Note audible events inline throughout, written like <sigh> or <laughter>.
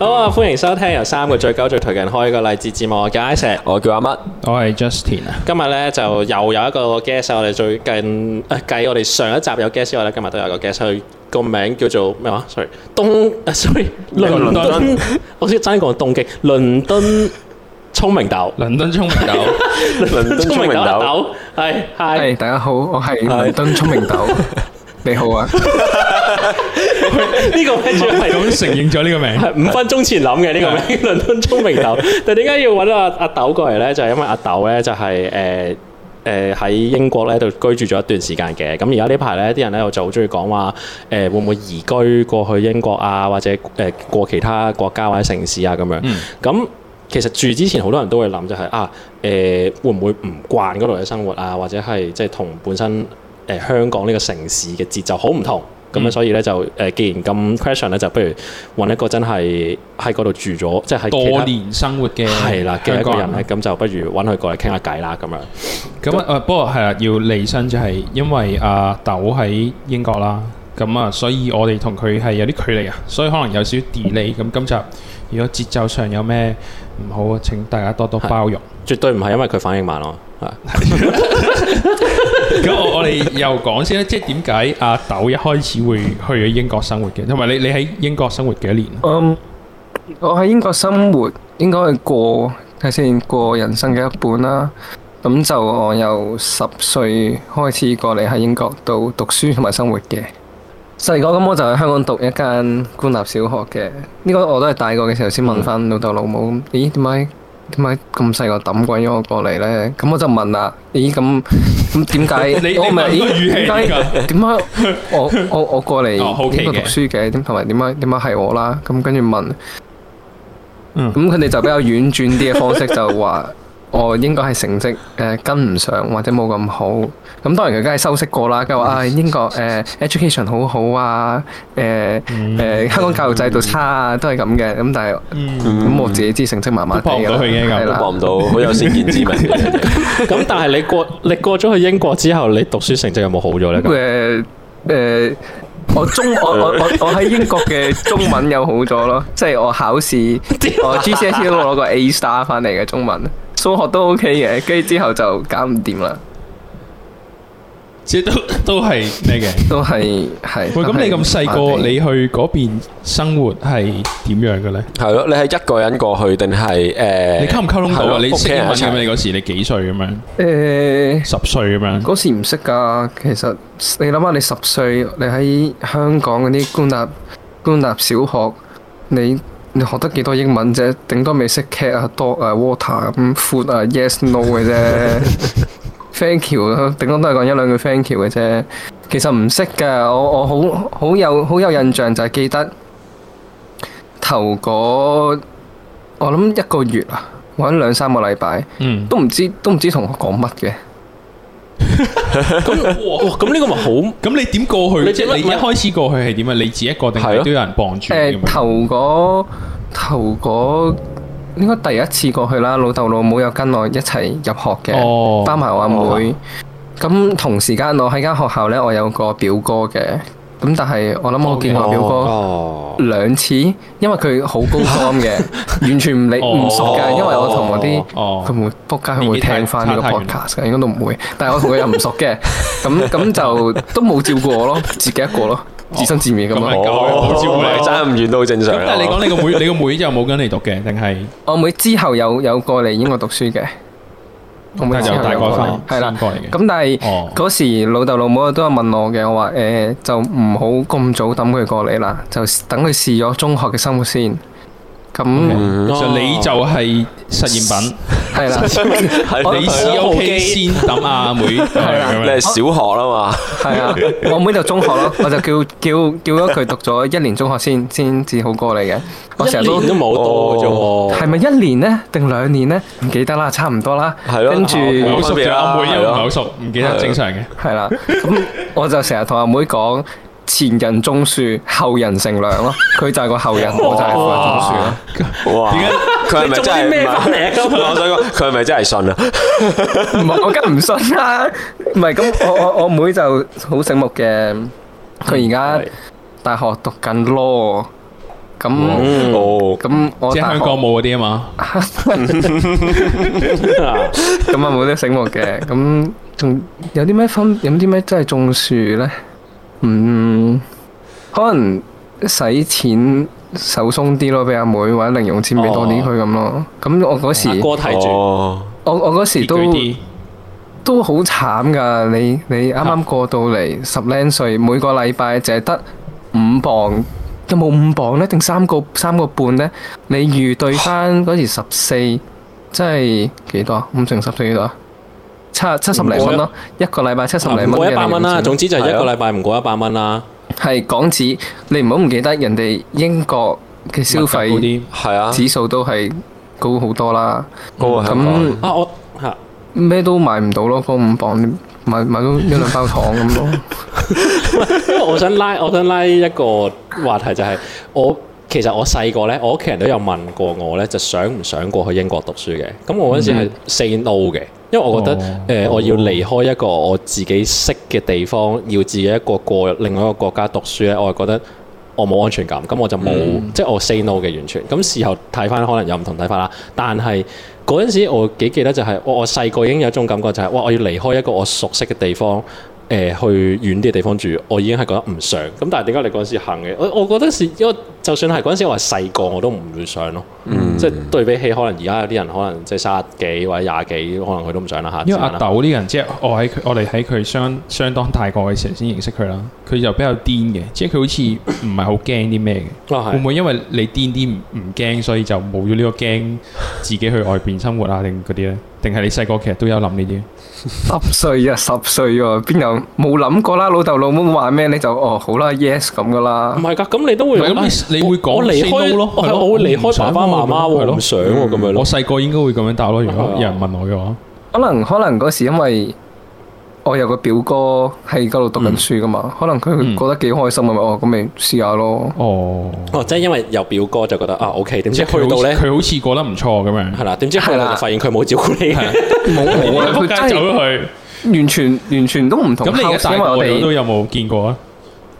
好啊！歡迎收聽由三個最高最頹人開個勵志節目嘅 Isaac，我叫阿乜，我係 Justin。今日咧就又有一個 guest，我哋最近誒計我哋上一集有 guest，我哋今日都有個 guest，佢個名叫做咩話？sorry，東誒 sorry，倫敦，我先爭一個動機，倫敦聰明豆，倫敦聰明豆，倫敦聰明豆，係，hi 大家好，我係倫敦聰明豆，你好啊。呢 <laughs> 個名仲係咁承認咗呢個名， <laughs> 五分鐘前諗嘅呢個名，倫敦聰明豆。但係點解要揾阿阿豆過嚟呢？就係、是、因為阿豆呢、就是，就係誒誒喺英國呢度居住咗一段時間嘅。咁而家呢排呢啲人呢，我就好中意講話誒會唔會移居過去英國啊，或者誒過其他國家或者城市啊咁樣。咁、嗯、其實住之前好多人都會諗就係、是、啊誒、呃、會唔會唔慣嗰度嘅生活啊，或者係即係同本身誒香港呢個城市嘅節奏好唔同。咁啊，嗯、所以咧就誒，既然咁 question 咧，就不如揾一個真係喺嗰度住咗，即、就、係、是、多年生活嘅，係啦嘅一個人咧，咁的就不如揾佢過嚟傾下偈啦，咁樣。咁啊，不過係啊、呃，要離身就係因為啊，豆喺英國啦，咁啊，所以我哋同佢係有啲距離啊，所以可能有少少 delay。咁，咁就如果節奏上有咩唔好啊，請大家多多包容。絕對唔係因為佢反應慢咯。 <laughs> <laughs> 咁我哋又講先啦，即係點解阿豆一開始會去英國生活嘅？同埋你你喺英國生活幾多年？Um, 我喺英國生活應該係過睇先過人生嘅一半啦。咁就我由十歲開始過嚟喺英國度讀書同埋生活嘅。細個咁我就喺香港讀一間官立小學嘅。呢個我都係大個嘅時候先問翻老豆老母，咦點解？欸點解咁細個抌鬼咗我過嚟呢？咁我就問啦，咦咁咁點解？我咪咦點解？點解我我我過嚟呢個讀書嘅？同埋點解點解係我啦？咁跟住問，嗯，咁佢哋就比較婉轉啲嘅方式就話。 <laughs> <laughs> 我應該係成績誒跟唔上或者冇咁好，咁當然佢梗係修飾過啦。佢話啊英國誒 education 好好啊，誒誒香港教育制度差啊，都係咁嘅。咁但係咁我自己知成績麻麻地，博唔去嘅，係唔到，好有先見之明。咁但係你過你過咗去英國之後，你讀書成績有冇好咗呢？誒誒，我中我我我喺英國嘅中文有好咗咯，即係我考試我 GCSE 都攞個 A star 翻嚟嘅中文。數學都 OK 嘅，跟住之後就搞唔掂啦。即係都都係咩嘅，都係係。喂，咁你咁細個，你去嗰邊生活係點樣嘅呢？係咯，你係一個人過去定係誒？你溝唔溝通到啊？你識唔識你嗰時？你幾歲咁樣？誒，十歲咁樣。嗰時唔識噶，其實你諗下，你十歲，你喺香港嗰啲官立官立小學，你。你學得幾多英文啫？頂多未識 cat 啊、dog 啊、water 咁、啊、food 啊、yes no、no 嘅啫。 <laughs> thank you。頂多都係講一兩句 thank you 嘅啫。其實唔識嘅，我我好好有好有印象就係記得頭嗰我諗一個月啊，或者兩三個禮拜，都唔知都唔知同我講乜嘅。咁咁呢個咪好？咁你點過去？你即係你一開始過去係點啊？你自己一個定係都有人幫住？誒、啊呃，頭嗰頭嗰應該第一次過去啦。老豆老母又跟我一齊入學嘅，哦、包埋我阿妹、妹。咁、哦、同時間我喺間學校呢，我有個表哥嘅。咁但係我諗我見我表哥兩次，因為佢好高方嘅，完全唔理唔熟嘅。因為我同我啲，佢會撲街，佢會聽翻呢個 podcast，應該都唔會。但係我同佢又唔熟嘅，咁咁 <laughs> 就都冇照顧我咯，自己一個咯，自生自滅咁樣。我、哦哦、照顧你，差唔遠都好正常。但係你講你個妹，你個妹又冇跟你讀嘅，定係我妹之後有有過嚟英國讀書嘅。咁、嗯、但係就大個翻，係啦，咁但係嗰時老豆老母都有問我嘅，我話誒、呃、就唔好咁早抌佢過嚟啦，就等佢試咗中學嘅生活先。咁、嗯、你就係實驗品係啦，了 <laughs> 你先 OK 先揼阿妹， <laughs> 了你係小學啦嘛？係啊 <laughs> ，我妹就中學咯，我就叫叫叫咗佢讀咗一年中學先先至好過你嘅。我成日都冇多啫，係咪、哦、一年呢？定兩年呢？唔記得啦，差唔多啦。係咯了，跟住阿妹又唔好熟，唔了記得正常嘅。係啦，咁我就成日同阿妹講。前人種樹，後人乘涼咯。佢就係個後人，我就係個種樹咯。哇！而家佢係咪真係？我想講，佢係咪真係信啊？唔係，我梗唔信啦。唔係咁，我我我妹就好醒目嘅。佢而家大學讀緊 law。咁，咁我香港冇嗰啲啊嘛。咁啊冇啲醒目嘅。咁仲有啲咩分？有啲咩真係種樹咧？嗯，可能使錢手鬆啲咯，俾阿妹，妹或者零用錢俾多啲佢咁咯。咁、oh. 嗯、我嗰時，阿哥睇住我，我嗰時都、oh. 都好慘噶。你你啱啱過到嚟、oh. 十零歲，每個禮拜淨係得五磅，有冇五磅咧？定三個三個半呢？你預兌翻嗰時十四、oh.，即係幾多？五乘十四幾多？七七十零蚊咯，一個禮拜七十零蚊嘅嘢。唔過一百蚊啦，總之就係一個禮拜唔過一百蚊啦。係港紙，你唔好唔記得，人哋英國嘅消費係啊，指數都係高好多啦。咁啊，我咩都買唔到咯，放五磅買買到一兩包糖咁咯。因為我想拉，我想拉一個話題就係我。其實我細個咧，我屋企人都有問過我咧，就想唔想過去英國讀書嘅？咁我嗰陣時係 say no 嘅，因為我覺得誒，我要離開一個我自己識嘅地方，要自己一個過另外一個國家讀書咧，我係覺得我冇安全感，咁我就冇、嗯、即係我 say no 嘅完全。咁事後睇翻可能有唔同睇法啦，但係嗰陣時我幾記得就係、是、我細個已經有一種感覺就係、是、哇，我要離開一個我熟悉嘅地方。誒去遠啲嘅地方住，我已經係覺得唔想。咁但係點解你嗰陣時行嘅？我我覺得係因為就算係嗰陣時我係細個，我都唔會想囉。嗯，即係對比起可能而家有啲人可能即係卅幾或者廿幾，可能佢都唔想啦吓。因為阿豆呢個人即係我喺我哋喺佢相相當大個嘅時候先認識佢啦，佢就比較癲嘅，即係佢好似唔係好驚啲咩嘅。哦係。會唔會因為你癲啲唔驚，所以就冇咗呢個驚，自己去外邊生活啊？定嗰啲咧？定係你細個其實都有諗呢啲？十歲啊，十歲喎，邊有冇諗過啦？老豆老母話咩你就哦好啦，yes 咁噶啦。唔係噶，咁你都會講，你會講我離開，我會離開爸爸。媽媽會唔想咁樣？我細個應該會咁樣答咯。如果有人問我嘅話，可能可能嗰時因為我有個表哥喺嗰度讀緊書噶嘛，可能佢覺得幾開心啊嘛。哦，咁咪試下咯。哦哦，即係因為有表哥就覺得啊 OK，點知去到咧，佢好似過得唔錯咁樣，係啦。點知突然間發現佢冇照顧你，冇冇啊！撲街走咗去，完全完全都唔同。咁你嘅大外甥都有冇見過啊？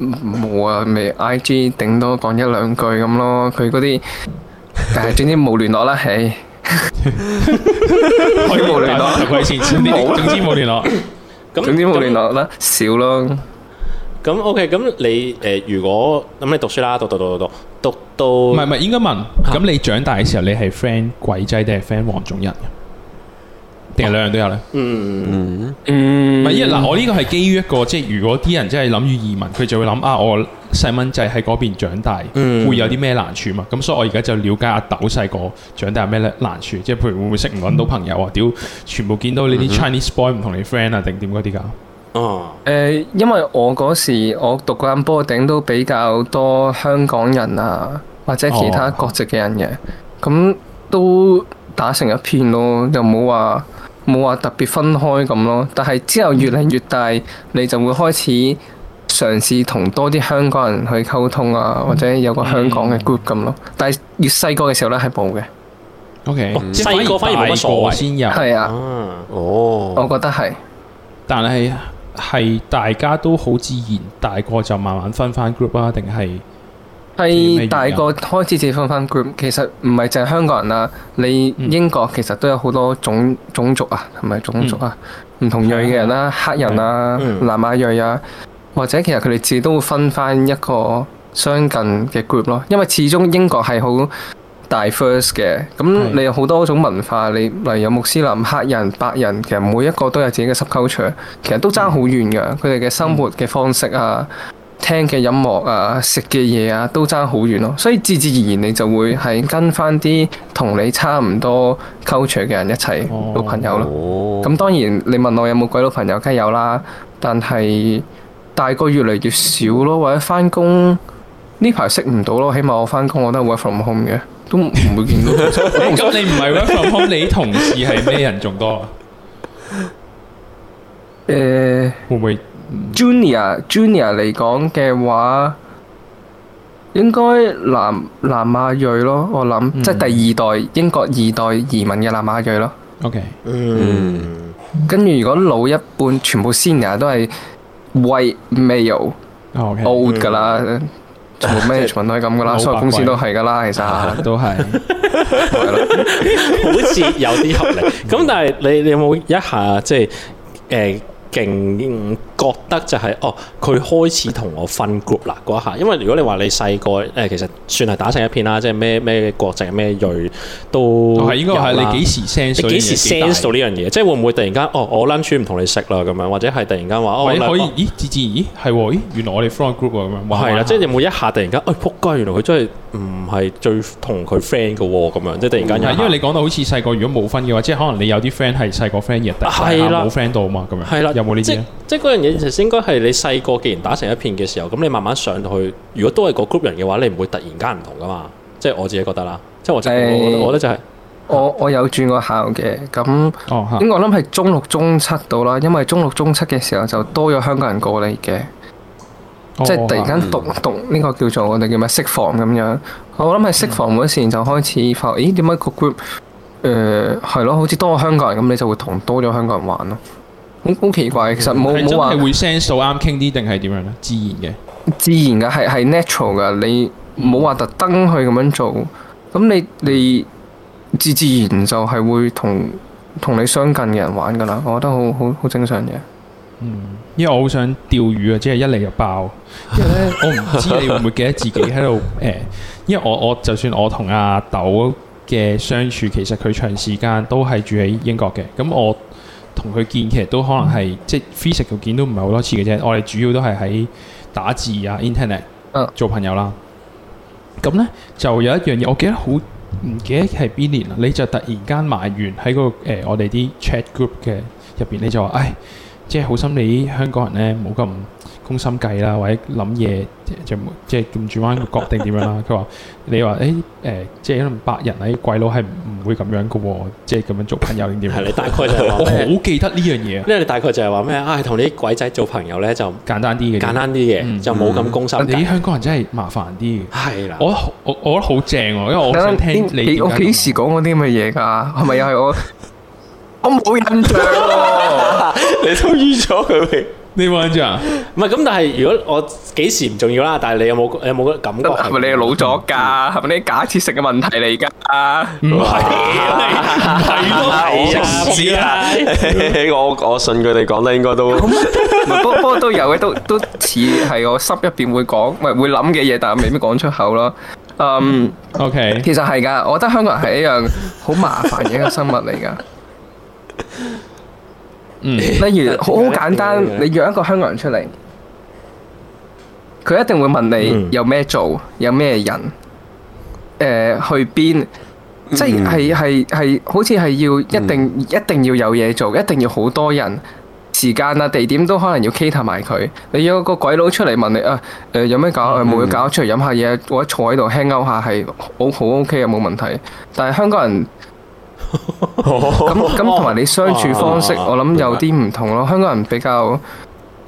冇啊，咪 IG 頂多講一兩句咁咯。佢嗰啲。但係總之冇聯絡啦，唉，冇聯絡，鬼事，總之冇聯絡，總之冇聯絡啦，少咯。咁 OK，咁你誒，如果咁你讀書啦，讀讀讀讀讀，讀到唔係唔係應該問，咁你長大嘅時候，你係 friend 鬼仔定係 friend 黃種人？成兩樣都有咧。嗯嗯、mm，唔係，因為嗱，我呢個係基於一個，即係如果啲人真係諗住移民，佢就會諗啊，我細蚊仔喺嗰邊長大，mm hmm. 會有啲咩難處嘛？咁所以，我而家就了解阿豆細個長大有咩咧難處，即係譬、mm hmm. 如會唔會識唔揾到朋友啊？屌，全部見到你啲 Chinese boy 唔同你 friend 啊，定點嗰啲噶。嗯，誒，因為我嗰時我讀間波頂都比較多香港人啊，或者其他國籍嘅人嘅、uh，咁、huh. 哦、都打成一片咯，又冇話。冇話特別分開咁咯，但係之後越嚟越大，你就會開始嘗試同多啲香港人去溝通啊，或者有個香港嘅 group 咁咯。但係越細個嘅時候呢，係冇嘅。OK，細個反而冇乜所謂，係啊，哦，我覺得係。但係係大家都好自然，大個就慢慢分翻 group 啊，定係？係大個開始，自己分翻 group。其實唔係淨係香港人啦，你英國其實都有好多種種族啊，唔係種族啊？唔、嗯、同裔嘅人啦、啊，嗯、黑人啊，嗯、南亞裔啊，或者其實佢哋自己都會分翻一個相近嘅 group 咯。因為始終英國係好 diverse 嘅，咁你有好多種文化，你例如有穆斯林、黑人、白人，其實每一個都有自己嘅 subculture，其實都爭好遠嘅，佢哋嘅生活嘅方式啊。聽嘅音樂啊，食嘅嘢啊，都差好遠咯，所以自自然然你就會係跟翻啲同你差唔多 culture 嘅人一齊老朋友咯。咁當然你問我有冇鬼佬朋友，梗係有啦，但係大個越嚟越少咯，或者返工呢排識唔到咯。起碼我返工我都係 work from home 嘅，都唔會見到。咁你唔係 work from home，你同事係咩人仲多啊？誒，會唔會？Junior，Junior 嚟講嘅話，應該南南亞裔咯，我諗即係第二代英國二代移民嘅南亞裔咯。OK，嗯，跟住如果老一半全部 Senior 都係 white male old 噶啦，全部咩全部都係咁噶啦，所有公司都係噶啦，其實都係，好似有啲合理。咁但係你你有冇一下即係誒？勁覺得就係哦，佢開始同我分 group 啦嗰一下，因為如果你話你細個誒，其實算係打成一片啦，即係咩咩國籍咩裔都係應該係你幾時 sense？你幾時 sense 到呢樣嘢？即係會唔會突然間哦，我 lunch 唔同你食啦咁樣，或者係突然間話哦，可以咦？志志咦係喎？咦原來我哋分 group 啊咁樣係啦，即係有冇一下突然間哦，仆街原來佢真係唔係最同佢 friend 嘅喎咁樣，即係突然間因為你講到好似細個如果冇分嘅話，即係可能你有啲 friend 係細個 friend 嘅，但係冇 friend 到啊嘛咁樣係啦。有有即即嗰樣嘢，其實應該係你細個既然打成一片嘅時候，咁你慢慢上去，如果都係個 group 人嘅話，你唔會突然間唔同噶嘛。即係我自己覺得啦。即係我，欸、我覺得就係、是、我我有轉過校嘅。咁，應該、哦、我諗係中六中七到啦，因為中六中七嘅時候就多咗香港人過嚟嘅，哦、即係突然間讀、嗯嗯、讀呢個叫做我哋叫咩釋放咁樣。我諗係釋放嗰時就開始發、嗯、咦？點解個 group 誒係咯，好似多咗香港人咁，你就會同多咗香港人玩咯。好好奇怪，其實冇冇話真係會 s 數啱傾啲定係點樣咧？自然嘅，自然嘅，係係 natural 嘅，你冇話特登去咁樣做，咁你你自自然就係會同同你相近嘅人玩噶啦，我覺得好好好正常嘅。嗯，因為我好想釣魚啊，即係一嚟就爆，因為 <laughs> 呢， <laughs> 我唔知你會唔會記得自己喺度誒，因為我我就算我同阿豆嘅相處，其實佢長時間都係住喺英國嘅，咁我。同佢見其實都可能係、mm hmm. 即係 physical 見都唔係好多次嘅啫，我哋主要都係喺打字啊、internet 做朋友啦。咁、uh. 呢，就有一樣嘢，我記得好唔記得係邊年啊？你就突然間埋完喺、嗰個誒、呃、我哋啲 chat group 嘅入邊，你就話，唉，即、就、係、是、好心你香港人呢，冇咁公心計啦，或者諗嘢，即係即係轉轉彎角定點樣啦。佢話你話誒誒，即係可能白人，鬼佬係唔會咁樣噶，即係咁樣做朋友點點。係你大概就係我好記得呢樣嘢。因為你大概就係話咩啊，同你啲鬼仔做朋友咧就簡單啲嘅，簡單啲嘅就冇咁公心。你啲香港人真係麻煩啲。係啦，我我我覺得好正，因為我想下聽你我幾時講過啲咁嘅嘢噶？係咪又係我？我冇印象。你都預咗佢，你冇印象。唔係咁，但係如果我幾時唔重要啦。但係你有冇有冇感覺？係咪你老咗噶？係咪你假設性嘅問題嚟噶？唔係，係我唔知啊！我我信佢哋講得應該都，不不都有嘅，都都似係我心入邊會講，唔係會諗嘅嘢，但係未必講出口咯。嗯，OK，其實係噶，我覺得香港人係一樣好麻煩嘅一個生物嚟噶例如好簡單，你約一個香港人出嚟，佢一定會問你，嗯、有咩做，有咩人，呃、去邊？即係係係好似係要一定一定要有嘢做，一定要好多人，時間啊地點都可能要 kit 埋佢。你約個鬼佬出嚟問你，呃呃、啊，有咩搞，冇嘢搞，出嚟飲下嘢，或者坐喺度輕勾下係好好 OK 嘅，冇問題。但係香港人。咁咁同埋你相處方式，哇我諗有啲唔同咯。是是香港人比較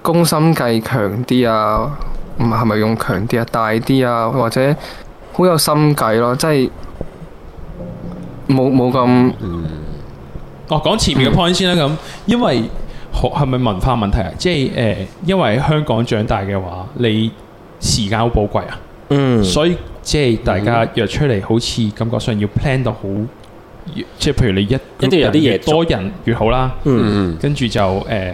攻心計強啲啊，唔係咪用強啲啊，大啲啊，或者好有心計咯、啊，即係冇冇咁。我、嗯哦、講前面嘅 point、嗯、先啦。咁因為學係咪文化問題啊？即係誒，因為喺香港長大嘅話，你時間好寶貴啊。嗯，所以即係、就是、大家約出嚟，嗯、好似感覺上要 plan 到好。即係譬如你一一定有啲嘢多人越好啦，嗯嗯，跟住就誒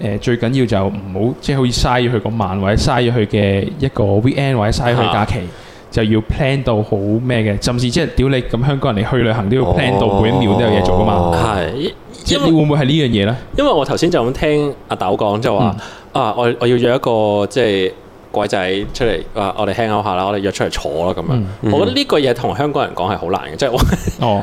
誒最緊要就唔好即係好似嘥咗佢個晚，或者嘥咗佢嘅一個 weekend 或者嘥咗佢假期，是的 就要 plan 到好咩嘅，甚至即係屌你咁香港人嚟去旅行都要 plan 到每一秒都有嘢做噶嘛，係即係你會唔會係呢樣嘢咧？因為，會會因為我頭先就咁聽阿豆講就話、嗯、啊，我我要約一個即係。鬼仔出嚟，我我哋輕口下啦，我哋約出嚟坐啦咁樣。我覺得呢個嘢同香港人講係好難嘅，即係我，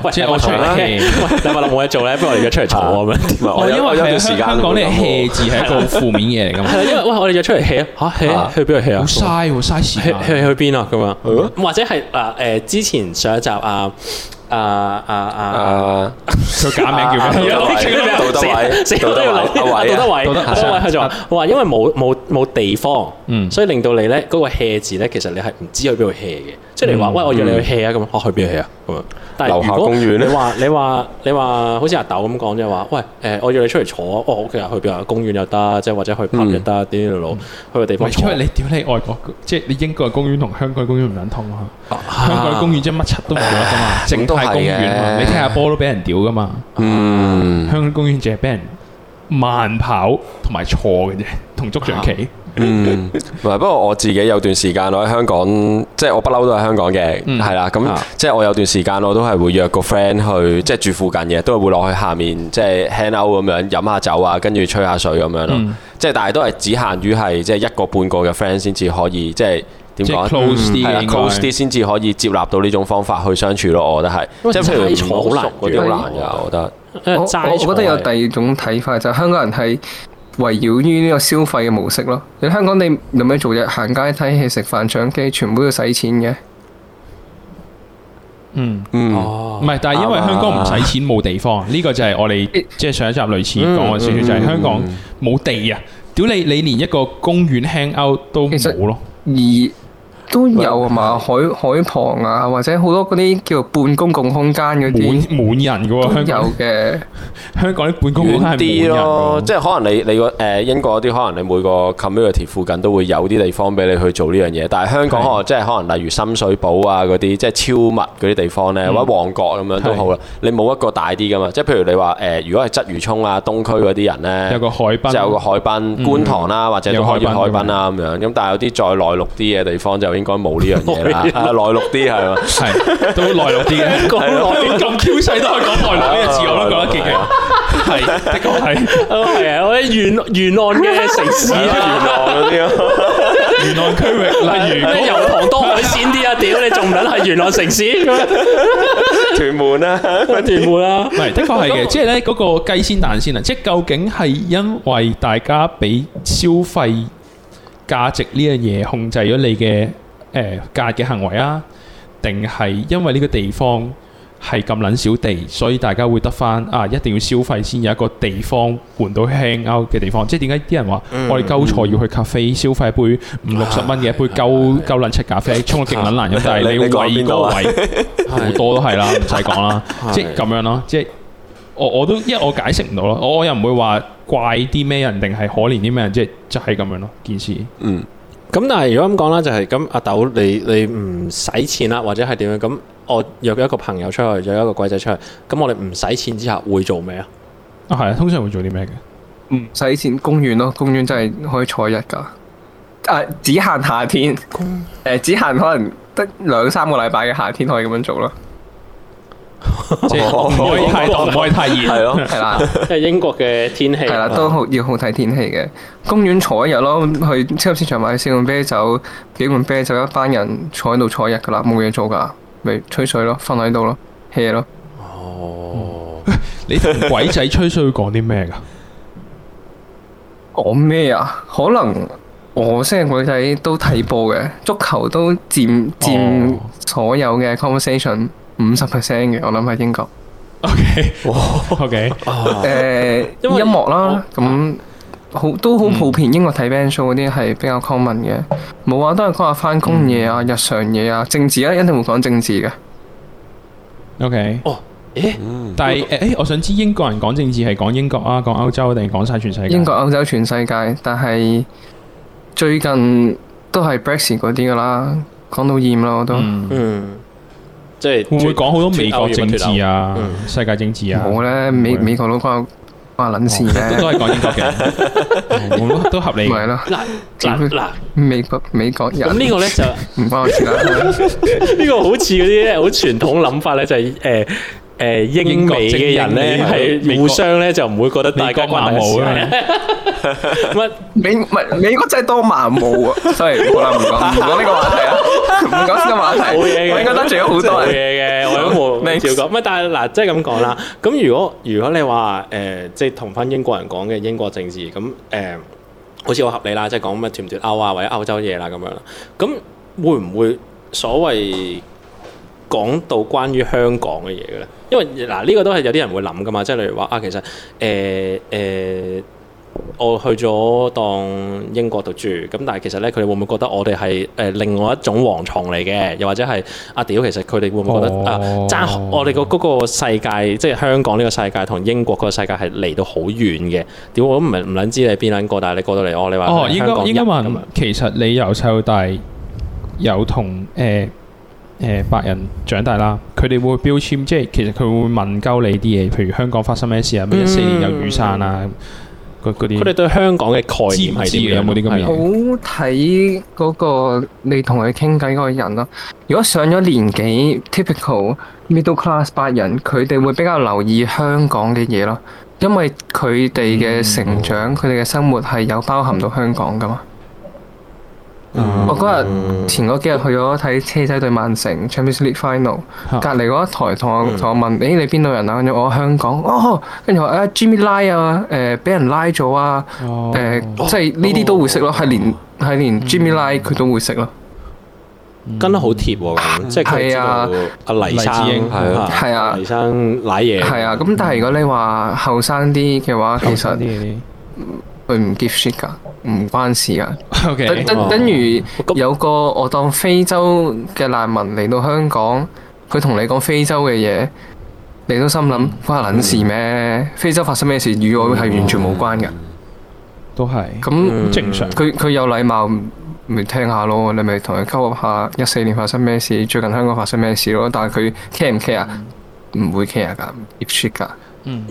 喂，我坐啦。你話冇嘢做咧，不如我哋約出嚟坐咁樣。我因為喺香港咧，hea 字係一個負面嘢嚟㗎嘛。係因為喂，我哋約出嚟 hea 去邊度 hea 啊？好嘥，好嘥時間。去邊啊？咁啊，或者係嗱誒，之前上一集啊。啊啊啊啊！個、uh, uh, uh, uh, <laughs> 假名叫咩？杜德偉，死都都要諗。杜德偉德，杜德偉，我話，我 <noise> 話， <noise> 因為冇冇冇地方，嗯、所以令到你咧嗰個 hea 字咧，其實你係唔知去邊度 hea 嘅。即係、嗯、你、啊啊啊嗯 <music> 啊、話，喂，我約你去 hea 啊咁，我「去邊 hea 啊咁啊？但係如果你話你話你話，好似阿豆咁講啫，話，喂，誒，我約你出嚟坐，我屋企人去邊啊？公園又得，即係或者去 park 得，點點點，去個地方。因為你屌你，外國即係你英國嘅公園同香港嘅公園唔撚通啊！香港嘅公園即係乜柒都冇啊嘛。係啊！公園你踢下波都俾人屌噶嘛？嗯、啊，香港公園淨係俾人慢跑同埋坐嘅啫，同捉象棋。嗯，唔 <laughs> 不，不過我自己有段時間我喺香港，即、就、係、是、我不嬲都喺香港嘅，係啦、嗯。咁即係我有段時間我都係會約個 friend 去，即、就、係、是、住附近嘅，都係會落去下面，即、就、係、是、hang out 咁樣飲下酒啊，跟住吹下水咁樣咯。即係、嗯、但係都係只限於係即係一個半個嘅 friend 先至可以，即、就、係、是。點講？close 啲，close 啲先至可以接納到呢種方法去相處咯。我覺得係，即係齋坐好難，好難噶。我覺得，我覺得有第二種睇法就係香港人係圍繞於呢個消費嘅模式咯。你香港你做咩做嘢？行街睇戲、食飯、唱 K，全部都要使錢嘅。嗯嗯，唔係，但係因為香港唔使錢冇地方，呢個就係我哋即係上一集類似講嘅事，就係香港冇地啊！屌你，你連一個公園 hang out 都冇咯，而都有啊嘛，海海旁啊，或者好多嗰啲叫半公共空間嗰啲，滿人嘅喎，都有嘅。香港啲半公共空間係滿人嘅。即係可能你你個誒、呃、英國嗰啲，可能你每個 community 附近都會有啲地方俾你去做呢樣嘢。但係香港可能是即係可能例如深水埗啊嗰啲，即係超密嗰啲地方咧，嗯、或者旺角咁樣都好啦。是你冇一個大啲嘅嘛？即係譬如你話誒、呃、如果係鰂魚涌啊、東區嗰啲人咧，有個海濱，啊，海濱，有個海濱觀塘啦，或者海濱海濱啊咁樣，咁但係有啲再內陸啲嘅地方就講冇呢樣嘢啦，內陸啲係嘛，係都內陸啲嘅，講內陸咁 Q 細都係講內陸呢個字我都覺得奇嘅，係的確係，係啊，我喺沿沿岸嘅城市，沿岸嗰啲啊，沿岸區域，例如油塘多海鮮啲啊，屌你仲唔捻係沿岸城市？屯門啊，屯門啦，唔係的確係嘅，即係咧嗰個雞先蛋先啊，即係究竟係因為大家俾消費價值呢樣嘢控制咗你嘅？誒價嘅行為啊，定係因為呢個地方係咁撚小地，所以大家會得翻啊！一定要消費先有一個地方換到 hang out 嘅地方。即係點解啲人話我哋鳩菜要去咖啡消費一杯五六十蚊嘅一杯鳩鳩撚柒咖啡，衝到勁撚難飲，但係你貴過貴好多都係啦，唔使講啦，即係咁樣咯，即係我我都因為我解釋唔到咯，我我又唔會話怪啲咩人，定係可憐啲咩人，即係就係咁樣咯，件事嗯。咁但係如果咁講啦，就係、是、咁阿豆，你你唔使錢啦，或者係點樣咁？我約一個朋友出去，約一個鬼仔出去，咁我哋唔使錢之下會做咩啊？啊係啊，通常會做啲咩嘅？唔使錢公園咯，公園真係可以坐一日噶。誒、啊，只限夏天，誒園、呃，只限可能得兩三個禮拜嘅夏天可以咁樣做咯。 <laughs> 即係唔可以太凍，唔可以太熱，係咯，係啦。即係英國嘅天氣，係啦，都好要好睇天氣嘅。公園坐一日咯，去超級市場買四罐啤酒，幾罐啤酒，一班人坐喺度坐一日噶啦，冇嘢做噶，咪吹水咯，瞓喺度咯，hea 咯。咯哦， <laughs> <laughs> 你同鬼仔吹水會講啲咩噶？講咩 <laughs> 啊？可能我識嘅鬼仔都睇波嘅，足球都佔佔所有嘅 conversation。五十 percent 嘅，我諗喺英國。OK，哇，OK，誒，音樂啦，咁好都好普遍。英國睇 band show 嗰啲係比較 common 嘅。冇啊，都係講下翻工嘢啊，日常嘢啊，政治啊，一定會講政治嘅。OK，哦，咦？但係誒，我想知英國人講政治係講英國啊，講歐洲定係講晒全世界？英國、歐洲、全世界，但係最近都係 Brexit 嗰啲㗎啦，講到厭啦，我都嗯。即係會唔會講好多美國政治啊？嗯，世界政治啊？冇咧，美美國都關我撚事嘅。都係講英國嘅，我都都合理。咪係咯？嗱嗱嗱，美國美國人呢個咧就唔關我事啦。呢個好似嗰啲好傳統諗法咧，就誒誒英美嘅人咧係互相咧就唔會覺得大家盲毛啊？乜美唔係美國真係多盲毛啊？所以好啦，唔講唔講呢個話題啊！唔講呢個話題，我應該得罪咗好多嘢嘅，我都冇照講。乜 <laughs> 但係嗱，即係咁講啦。咁如果如果你話誒，即係同翻英國人講嘅英國政治，咁誒、呃，好似好合理啦，即係講乜脫唔脫歐啊，或者歐洲嘢啦咁樣。咁會唔會所謂講到關於香港嘅嘢嘅咧？因為嗱，呢、呢個都係有啲人會諗噶嘛。即係例如話啊，其實誒誒。欸欸我去咗當英國度住，咁但係其實咧，佢哋會唔會覺得我哋係誒另外一種蝗蟲嚟嘅？又或者係啊屌，其實佢哋會唔會覺得、哦、啊？爭我哋個嗰個世界，即係香港呢個世界同英國嗰個世界係離到好遠嘅？屌，我都唔明唔捻，知你邊捻個，但係你過到嚟我你話哦，應該應該話，其實你由細到大有同誒誒白人長大啦，佢哋會標籤，即係其實佢會問鳩你啲嘢，譬如，香港發生咩事啊？咩一四年有雨傘啊？嗯嗯佢哋對香港嘅概念係啲嘢，的有冇啲咁樣？好睇嗰個你同佢傾偈嗰個人咯。如果上咗年紀，typical middle class 八人，佢哋會比較留意香港嘅嘢咯，因為佢哋嘅成長、佢哋嘅生活係有包含到香港㗎嘛。我嗰日前嗰幾日去咗睇車仔對曼城 Champions League final，隔離嗰台同我同我問，咦你邊度人啊？跟住我香港。哦，跟住話啊 Jimmy 拉啊，誒俾人拉咗啊，誒即係呢啲都會識咯，係連係連 Jimmy 拉佢都會識咯，跟得好貼喎，即係佢知阿黎子英係啊，黎生奶嘢係啊，咁但係如果你話後生啲嘅話，其實。佢唔 give shit 噶，唔關事噶 Okay .、oh.。等等等，如有個我當非洲嘅難民嚟到香港，佢同你講非洲嘅嘢，你都心諗關捻事咩？嗯、非洲發生咩事與我係完全冇關嘅、嗯。都係咁那、嗯、正常。佢佢有禮貌，咪聽下咯。你咪同佢溝下一四年發生咩事，最近香港發生咩事咯。但係佢 care 唔 care？唔、嗯、會 care 啊！噶 give shit 噶。嗯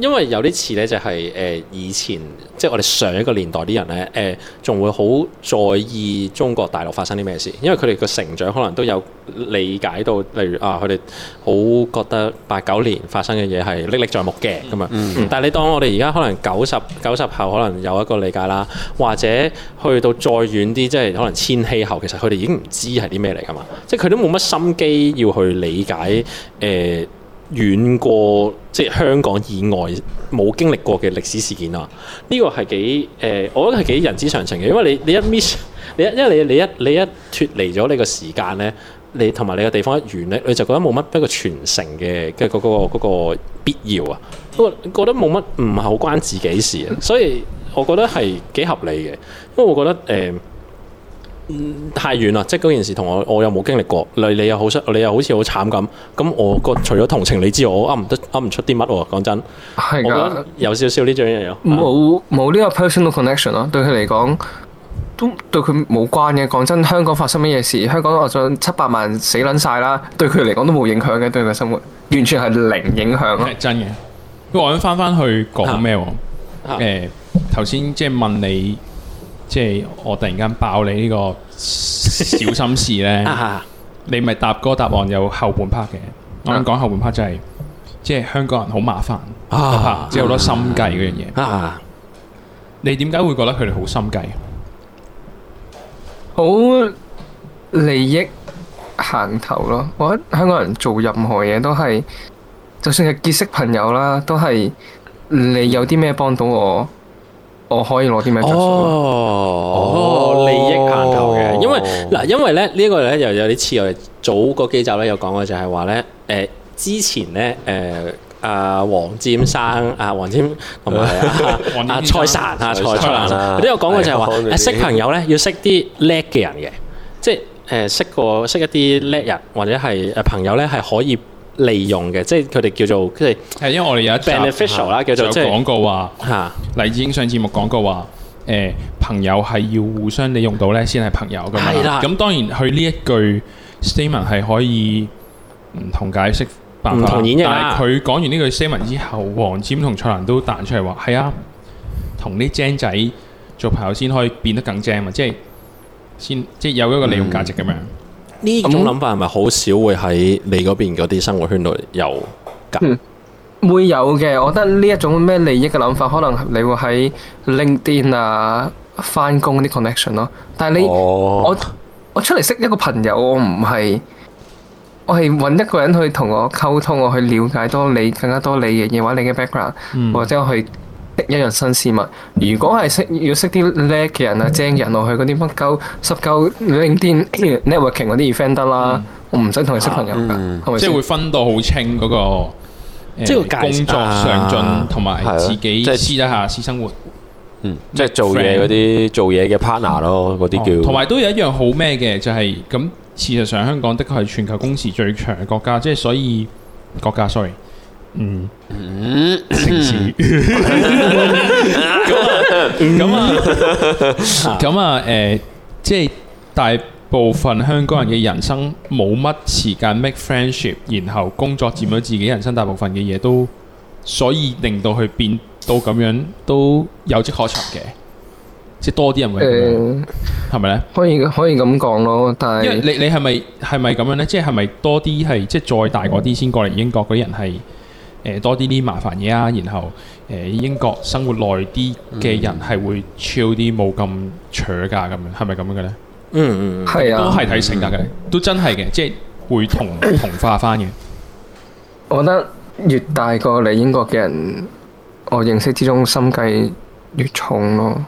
因為有啲詞咧，就係誒以前，即係我哋上一個年代啲人咧，誒仲會好在意中國大陸發生啲咩事，因為佢哋個成長可能都有理解到，例如啊，佢哋好覺得八九年發生嘅嘢係歷歷在目嘅咁啊。嗯嗯、但係你當我哋而家可能九十九十後，可能有一個理解啦，或者去到再遠啲，即係可能千禧後，其實佢哋已經唔知係啲咩嚟㗎嘛，即係佢都冇乜心機要去理解誒。呃遠過即係香港以外冇經歷過嘅歷史事件啊！呢、這個係幾誒、呃，我覺得係幾人之常情嘅。因為你你一 miss 你一因為你你一你一脫離咗你個時間咧，你同埋你個地方一遠咧，你就覺得冇乜一個傳承嘅即嗰個嗰、那個那個、必要啊。不過覺得冇乜唔係好關自己事啊，所以我覺得係幾合理嘅。不過我覺得誒。呃太遠啦，即係嗰件事同我，我又冇經歷過。你你又好出，你又好似好慘咁。咁我個除咗同情你之外，我啱唔得，啱唔出啲乜喎。講真，係噶的，我覺得有少少呢種嘢有。冇冇呢個 personal connection 咯、啊，對佢嚟講都對佢冇關嘅。講真，香港發生乜嘢事，香港我想七百萬死捻晒啦，對佢嚟講都冇影響嘅，對佢生活完全係零影響咯、啊。係真嘅。我諗翻翻去講咩？誒，頭先即係問你。即係我突然間爆你呢個小心事呢， <laughs> 你咪答個答案有後半 part 嘅。啊、我想講後半 part 就係、是，即係香港人好麻煩啊，即係好多心計嗰樣嘢。啊、你點解會覺得佢哋好心計？好利益行頭咯，我覺得香港人做任何嘢都係，就算係結識朋友啦，都係你有啲咩幫到我？ <music> 我可以攞啲咩集哦，利益限球嘅，因為嗱，因為咧呢個咧又有啲似我哋早嗰幾集咧，有講過就係話咧，誒之前咧，誒阿黃占生，阿黃、哦啊、占同阿阿蔡生，阿、啊占啊、蔡生都有講過就係話，誒識、哎啊、朋友咧要識啲叻嘅人嘅，即係誒識過識一啲叻人,的、就是啊、人或者係誒朋友咧係可以。利用嘅，即係佢哋叫做，即係，因為我哋有一集就講過話，哈、就是，黎智英上節目講過話，誒、欸，朋友係要互相利用到咧，先係朋友咁樣。咁的當然佢呢一句 statement 係可以唔同解釋辦法，但係佢講完呢句 statement 之後，黃霑同蔡瀾都彈出嚟話，係啊，同啲精仔做朋友先可以變得更精嘛。」即係先即係有一個利用價值咁樣。嗯呢種諗法係咪好少會喺你嗰邊嗰啲生活圈度有？嗯，會有嘅。我覺得呢一種咩利益嘅諗法，可能你會喺 LinkedIn 啊、翻工啲 connection 咯。但係你、哦、我我出嚟識一個朋友，我唔係我係揾一個人去同我溝通，我去了解多你更加多你嘅嘢或者你嘅 background，嗯、或者我去。一樣新事物，如果係識要識啲叻嘅人啊、精人落去嗰啲乜鳩濕鳩拎啲 Networking 嗰啲 friend 得啦，我唔想同你識朋友噶，即係會分到好清嗰個。即係工作上進同埋自己私底下私生活。嗯，即係做嘢嗰啲做嘢嘅 partner 咯，嗰啲叫。同埋都有一樣好咩嘅，就係咁。事實上，香港的確係全球工時最長嘅國家，即係所以國家 sorry。嗯，城市咁啊，咁啊，咁啊，誒，即係大部分香港人嘅人生冇乜時間 make friendship，然後工作佔咗自己人生大部分嘅嘢，都所以令到佢變到咁樣都有跡可循嘅，即係多啲人會係咪咧？可以可以咁講咯，但係你你係咪係咪咁樣咧？即係係咪多啲係即係再大嗰啲先過嚟英國嗰啲人係？誒多啲啲麻煩嘢啊，然後誒英國生活耐啲嘅人係會 chill 啲，冇咁鋤㗎咁樣，係咪咁樣嘅咧？嗯嗯，係啊、嗯，都係睇性格嘅，嗯、都真係嘅，即係會同、嗯、同化返嘅。我覺得越大個嚟英國嘅人，我認識之中心計越重咯，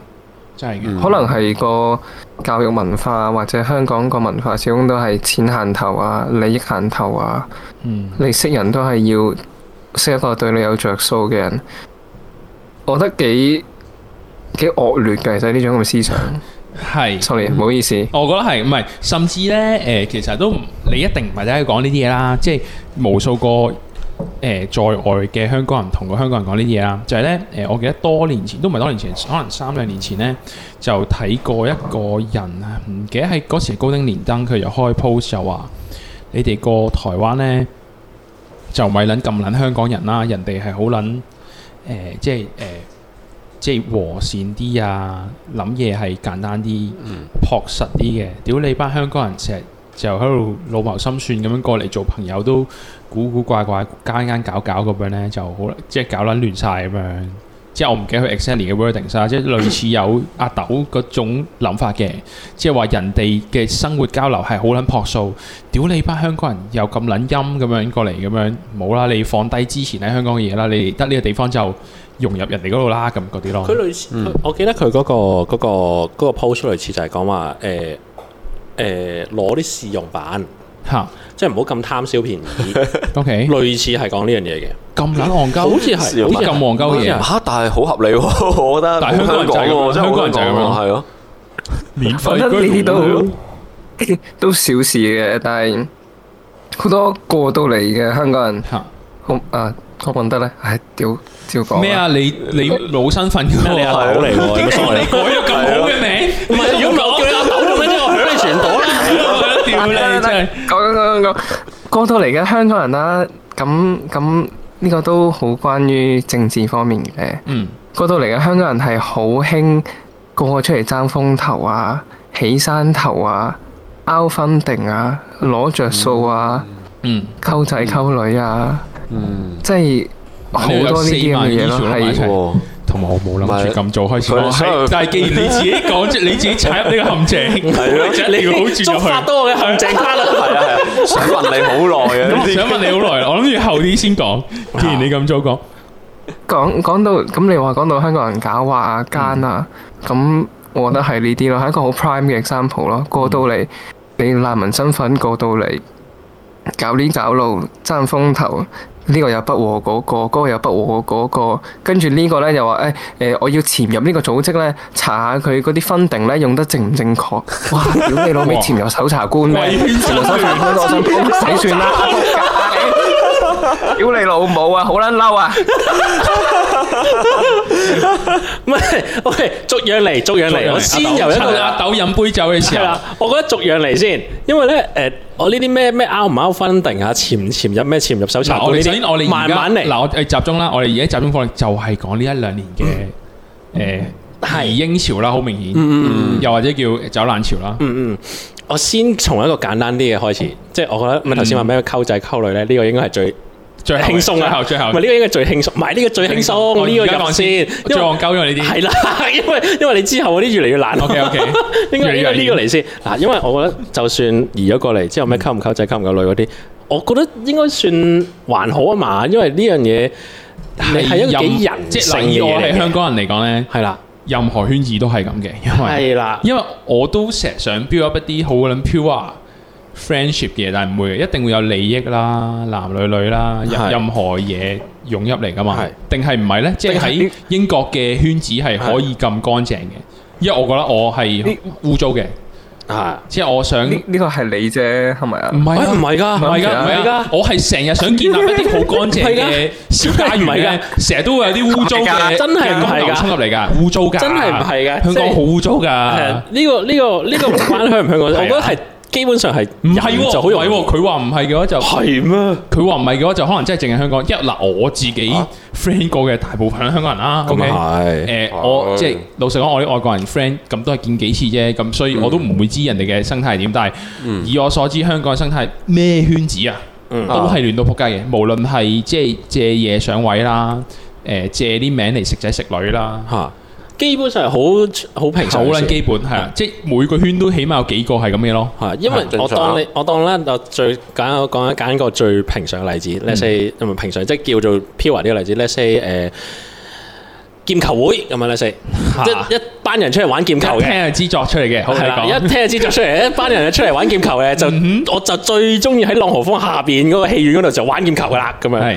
真係、嗯、可能係個教育文化或者香港個文化，始終都係錢限頭啊，利益限頭啊，嗯，你識人都係要。是一個對你有着數嘅人，我覺得幾幾惡劣嘅，其實呢種咁嘅思想係，sorry，唔好意思，我覺得係，唔係，甚至咧，誒、呃，其實都唔，你一定唔係只係講呢啲嘢啦，即係無數個誒、呃、在外嘅香港人同個香港人講呢啲嘢啦，就係咧，誒，我記得多年前都唔係多年前，可能三兩年前咧就睇過一個人啊，唔記得喺嗰時高登連登，佢又開 post 就話你哋過台灣咧。就咪撚咁撚香港人啦，人哋係好撚誒，即係誒、呃，即係和善啲啊，諗嘢係簡單啲、嗯、樸實啲嘅。屌你班香港人成日就喺度老謀深算咁樣過嚟做朋友，都古古怪怪、奸奸搞搞咁樣咧，就好即係搞撚亂晒咁樣。即係我唔記得佢 exactly 嘅 wordings 啦，即係類似有阿豆嗰種諗法嘅，即係話人哋嘅生活交流係好撚樸素，屌你班香港人又咁撚陰咁樣過嚟咁樣，冇啦，你放低之前喺香港嘅嘢啦，你得呢個地方就融入人哋嗰度啦，咁嗰啲咯。佢類似，嗯、我記得佢嗰個嗰個嗰個 post 類似就係講話誒誒攞啲試用版。嚇！即係唔好咁貪小便宜。O K，類似係講呢樣嘢嘅，咁撚戇鳩，好似係好似咁戇鳩嘅嘢。嚇！但係好合理喎，我覺得。但係香港喎，香港人整㗎嘛，係咯。免費呢啲都都小事嘅，但係好多過到嚟嘅香港人。嚇！好啊，我問得咧，唉，屌，照講咩啊？你你老身份嘅咩啊？老嚟喎，點解你改咗咁好嘅名？唔係因為。好啦，即係講講講過到嚟嘅香港人啦，啊，咁咁呢個都好關於政治方面嘅。嗯，過到嚟嘅香港人係好興過出嚟爭風頭啊，起山頭啊，拗分定啊，攞着數啊、嗯，嗯，溝仔溝女啊，嗯，即係是好、嗯、多呢啲咁嘅嘢咯，係、嗯。嗯嗯嗯嗯嗯嗯同埋我冇諗住咁早開始講，但係既然你自己講，即係你自己踩入呢個陷阱，係咯，你要好注意。中法多嘅陷阱卡啦，係啊係啊，想問你好耐啊，想問你好耐，我諗住後啲先講。既然你咁早講，講講到咁，你話講到香港人狡猾奸啊，咁我覺得係呢啲咯，係一個好 prime 嘅 example 咯。過到嚟，你難民身份過到嚟，搞呢搞路，爭風頭。呢個又不和嗰個，嗰個又不和嗰個，跟住呢個呢，又話誒我要潛入呢個組織呢，查下佢嗰啲 funding 呢，用得正唔正確？哇！屌你老味，潛入搜查官咩？潛入搜查官，我想俾你算啦了！ <laughs> <laughs> 屌你老母啊！好撚嬲啊！唔係，OK，逐樣嚟，逐樣嚟。我先由一個阿豆飲杯酒嘅時候，係啦。我覺得逐樣嚟先，因為咧，誒，我呢啲咩咩拗唔拗分，定下潛唔潛入咩潛入搜查？我先我哋慢慢嚟。嗱，我誒集中啦，我哋而家集中方向就係講呢一兩年嘅誒，係英潮啦，好明顯。又或者叫走難潮啦。嗯嗯。我先從一個簡單啲嘅開始，即係我覺得，頭先話咩溝仔溝女咧，呢個應該係最。最輕鬆啊，最後，唔係，呢個應該最輕鬆，唔係呢個最輕鬆。我依家講先，因為戇鳩咗你啲。係啦，因為因為你之後嗰啲越嚟越難。O K O K，應該應該呢個嚟先。嗱，因為我覺得就算移咗過嚟之後咩溝唔溝仔、溝唔溝女嗰啲，我覺得應該算還好啊嘛。因為呢樣嘢係一個幾人性嘅嘢，即係以我哋香港人嚟講咧，係啦，任何圈子都係咁嘅。因為係啦，因為我都成日想標一啲好撚飄啊！friendship 嘅嘢，但係唔會嘅，一定會有利益啦，男女女啦，任任何嘢湧入嚟噶嘛？定係唔係呢？即係喺英國嘅圈子係可以咁乾淨嘅，因為我覺得我係污糟嘅啊！即係我想呢個係你啫，係咪啊？唔係啊，唔係噶，唔係噶，唔係噶，我係成日想建立一啲好乾淨嘅小家園嘅，成日都會有啲污糟嘅，真係唔係噶，衝入嚟噶污糟噶，真係唔係噶，香港好污糟噶，呢個呢個呢個唔關香唔香港啫，我覺得係。基本上係唔係喎就好容易喎，佢話唔係嘅話就係咩？佢話唔係嘅話就可能即係淨係香港。一嗱我自己 friend 過嘅大部分香港人啦，咁係誒，我即係老實講，我啲外國人 friend 咁都係見幾次啫，咁所以我都唔會知人哋嘅生態係點。但係以我所知，香港嘅生態咩圈子啊，都係亂到撲街嘅，無論係即係借嘢上位啦，誒借啲名嚟食仔食女啦，吓。基本上係好好平常，好撚基本係即係每個圈都起碼有幾個係咁嘅咯，係因為我當你我當咧就最簡，我講一揀個最平常嘅例子，let's say 咁平常，即係叫做 pure 呢個例子，let's say 誒劍球會咁樣 let's say，即一班人出嚟玩劍球嘅，聽下資作出嚟嘅，好一聽下資作出嚟，一班人出嚟玩劍球嘅就，我就最中意喺朗豪坊下邊嗰個戲院嗰度就玩劍球噶啦，咁樣，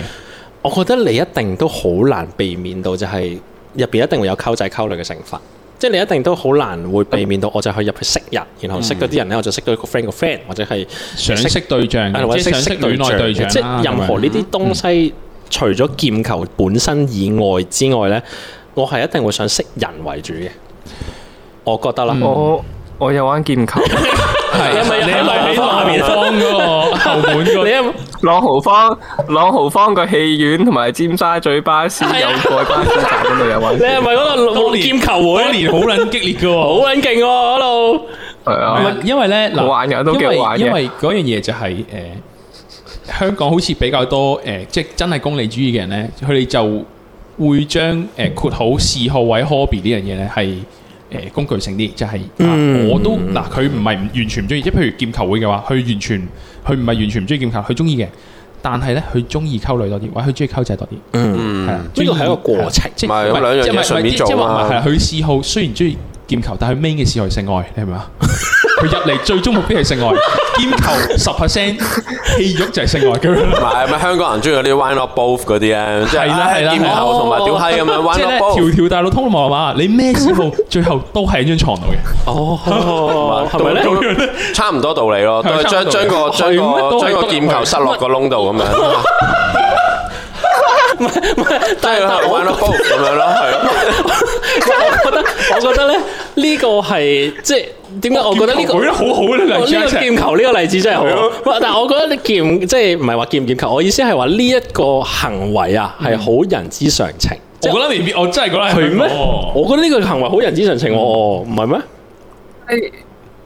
我覺得你一定都好難避免到就係。入邊一定會有溝仔溝女嘅成分，即係你一定都好難會避免到，我就去入去識人，然後識到啲人咧，嗯、我就識到個 friend 個 friend 或者係想識對象，或者想識對象，識對象即係任何呢啲東西，啊、除咗劍球本身以外之外呢，啊、我係一定會想識人為主嘅。我覺得啦，嗯、我我有玩劍球。 <laughs> 你係咪你係咪俾畫面裝噶？後門個，你阿朗豪坊朗豪坊個戲院同埋尖沙咀巴士又台關閘嗰度又搵，你係咪嗰個六連球？嗰一年好捻激烈噶，好捻勁哦！Hello，係啊，因為咧，難玩嘅都幾好玩嘅，因為嗰樣嘢就係誒，香港好似比較多誒，即係真係功利主義嘅人咧，佢哋就會將誒括號四號位 hobby 呢樣嘢咧係。誒工具性啲，就係我都嗱，佢唔係唔完全唔中意，即係譬如劍球會嘅話，佢完全佢唔係完全唔中意劍球，佢中意嘅，但係咧佢中意溝女多啲，或者佢中意溝仔多啲，係啊，呢個係一個過程，即係唔係兩樣嘢順便做啊？係佢嗜好，雖然中意劍球，但係佢 main 嘅嗜好係性愛，你明嘛？佢入嚟最終目標係性愛，劍球十 percent 戲肉就係性愛咁樣。唔係咪香港人中意嗰啲 why not both 嗰啲咧？係啦係啦，劍球同埋屌閪咁樣，why not both，即係咧條條大路通羅馬嘛！你咩喜好最後都喺張床度嘅。哦，係咪咧？差唔多道理咯，都係將將個將個將個劍球塞落個窿度咁樣。唔係唔係，即係玩咁樣咯，係咯。 <laughs> 我覺得我覺得咧、呢個，呢個係即係點解？我覺得呢個好好咧。呢個劍球呢個例子真係好、啊。 <laughs> 但係我覺得你劍即係唔係話劍唔劍球？我意思係話呢一個行為啊，係好人之常情。 <laughs> 即我覺得未必，我真係覺得係佢咩？我覺得呢個行為好人之常情 <laughs> 哦，唔係咩？係。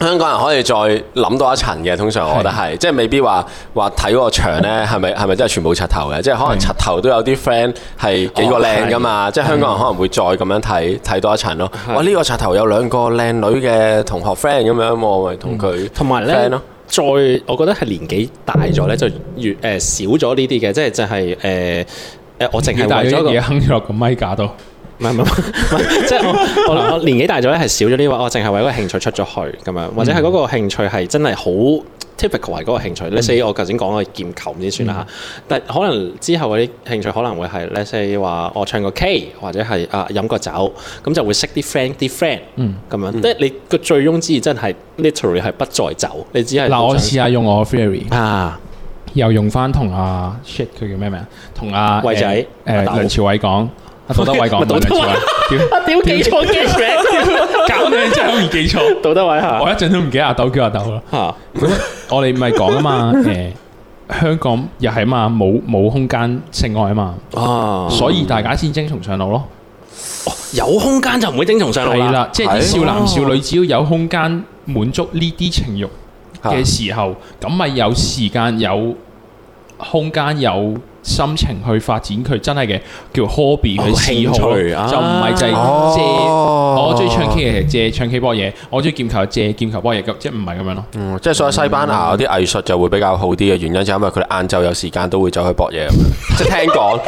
香港人可以再諗多一層嘅，通常我覺得係，即係未必話話睇個場咧，係咪係咪真係全部刷頭嘅？即係可能刷頭都有啲 friend 係幾個靚噶嘛，哦、即係香港人是的 可能會再咁樣睇睇多一層咯。是的 哇！呢、呢個刷頭有兩個靚女嘅同學 friend 咁樣喎，咪同佢同埋咧，啊、再我覺得係年紀大咗咧，就越誒、呃、少咗呢啲嘅，即係就係誒誒，我淨係為咗嘢哼咗個咪架度。唔係唔係， <laughs> 即係我我年紀大咗咧，係少咗啲話，我淨係為一個興趣出咗去咁樣，或者係嗰個興趣係真係好 typical 係嗰個興趣。例如、嗯、我頭先講嘅劍球唔知算啦嚇，嗯、但可能之後嗰啲興趣可能會係，例如話我唱個 K 或者係啊、呃、飲個酒，咁就會識啲 friend 啲 friend，嗯，咁樣，嗯、即係你個醉翁之意真係 literally 係不在酒。你只係嗱、嗯、我試下用我 theory 啊，啊，又用翻同阿 shit 佢叫咩名？同阿偉仔誒梁、呃啊呃呃呃呃、朝偉講。杜德偉講，我點記錯？搞你真係好易記錯。杜德偉吓，我一陣都唔記得阿豆叫阿豆咯。吓，我哋咪講啊嘛，誒，香港又係嘛，冇冇空間性愛啊嘛，啊，所以大家先征從上路咯。有空間就唔會精蟲上腦啦。係啦，即係啲少男少女只要有空間滿足呢啲情欲嘅時候，咁咪有時間有空間有。 <music> 心情去發展佢真係嘅叫 hobby，佢興趣就唔係就係借。哦、我中意唱 K 嘅、就係、借唱 K 博嘢，我中意劍球借劍球博嘢，即係唔係咁樣咯。嗯，即係所以西班牙嗰啲藝術就會比較好啲嘅原因就係因為佢哋晏晝有時間都會走去博嘢咁樣，即係聽講。 <laughs>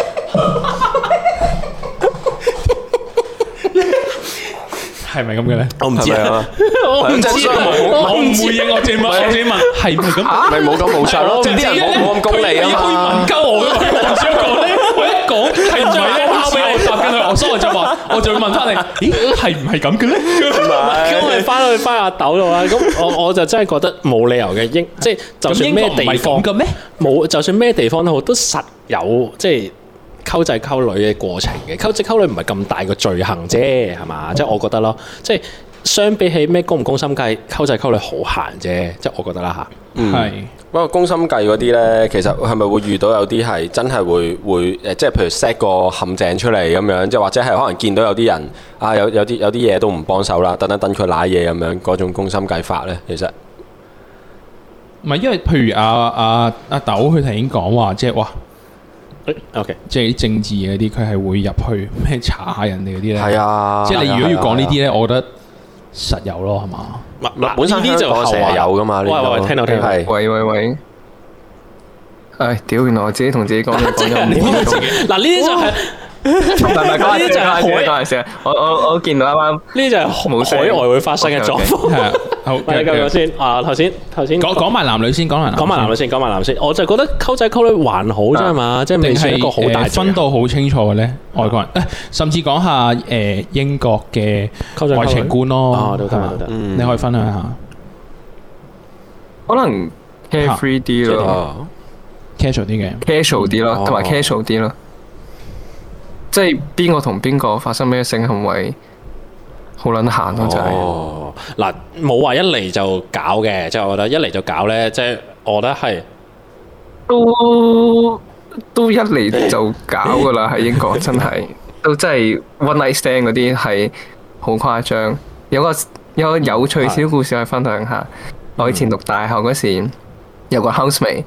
係咪咁嘅咧？我唔知啊，我唔知啊，我唔會啊！我借問，我借問，係唔係咁？咪冇咁講出咯！啲人冇冇咁功利啊嘛！唔夠我，我唔想講咧。我一講係唔係咧，拋俾我發嘅佢。我所以就話，我就要問翻你，咦？係唔係咁嘅咧？唔係。咁我哋翻去翻阿豆度啦。咁我我就真係覺得冇理由嘅，應即係就算咩地方，冇就算咩地方都好，都實有即係。溝仔溝女嘅過程嘅，溝仔溝女唔係咁大個罪行啫，係嘛？嗯、即係我覺得咯，即係相比起咩公唔公心計，溝仔溝女好閑啫，即係我覺得啦吓係。嗯，不過公心計嗰啲咧，其實係咪會遇到有啲係真係會會誒，即係譬如 set 個陷阱出嚟咁樣，即係或者係可能見到有啲人啊，有有啲有啲嘢都唔幫手啦，等等等佢賴嘢咁樣嗰種公心計法咧，其實唔係因為譬如阿阿阿豆佢頭先講話即係哇。O Okay . K，即係政治嘢嗰啲，佢係會入去咩查下人哋嗰啲咧？係 <noise> 啊樂，即係你如果要講呢啲咧， <music> 嗯、我覺得實有咯，係嘛來？嗱，呢啲就係有噶嘛？喂喂喂，聽到聽到，喂喂喂，哎 <music> 是，屌，原來我自己同自己講嘅，嗱呢啲就係、是。唔係，呢啲就係海我我我見到啱啱呢啲係海外會發生嘅狀況。好，你講先。啊，頭先頭先講講埋男女先，講埋講埋男女先，講埋男先。我就覺得溝仔溝女還好啫嘛，即係你係一個好大分到好清楚嘅咧。外國人甚至講下誒英國嘅愛情觀咯。啊，得你可以分享下。可能 care free 啲咯，casual 啲嘅，casual 啲咯，同埋 casual 啲咯。即係邊個同邊個發生咩性行為，好卵閒咯就係、是啊。嗱、哦，冇話一嚟就搞嘅，即係我覺得一嚟就搞呢，即係我覺得係都都一嚟就搞噶啦，喺 <laughs> 英國真係，都真係 one night stand 嗰啲係好誇張。有個有個有趣小故事可以分享下。嗯、我以前讀大學嗰時有個 housemate。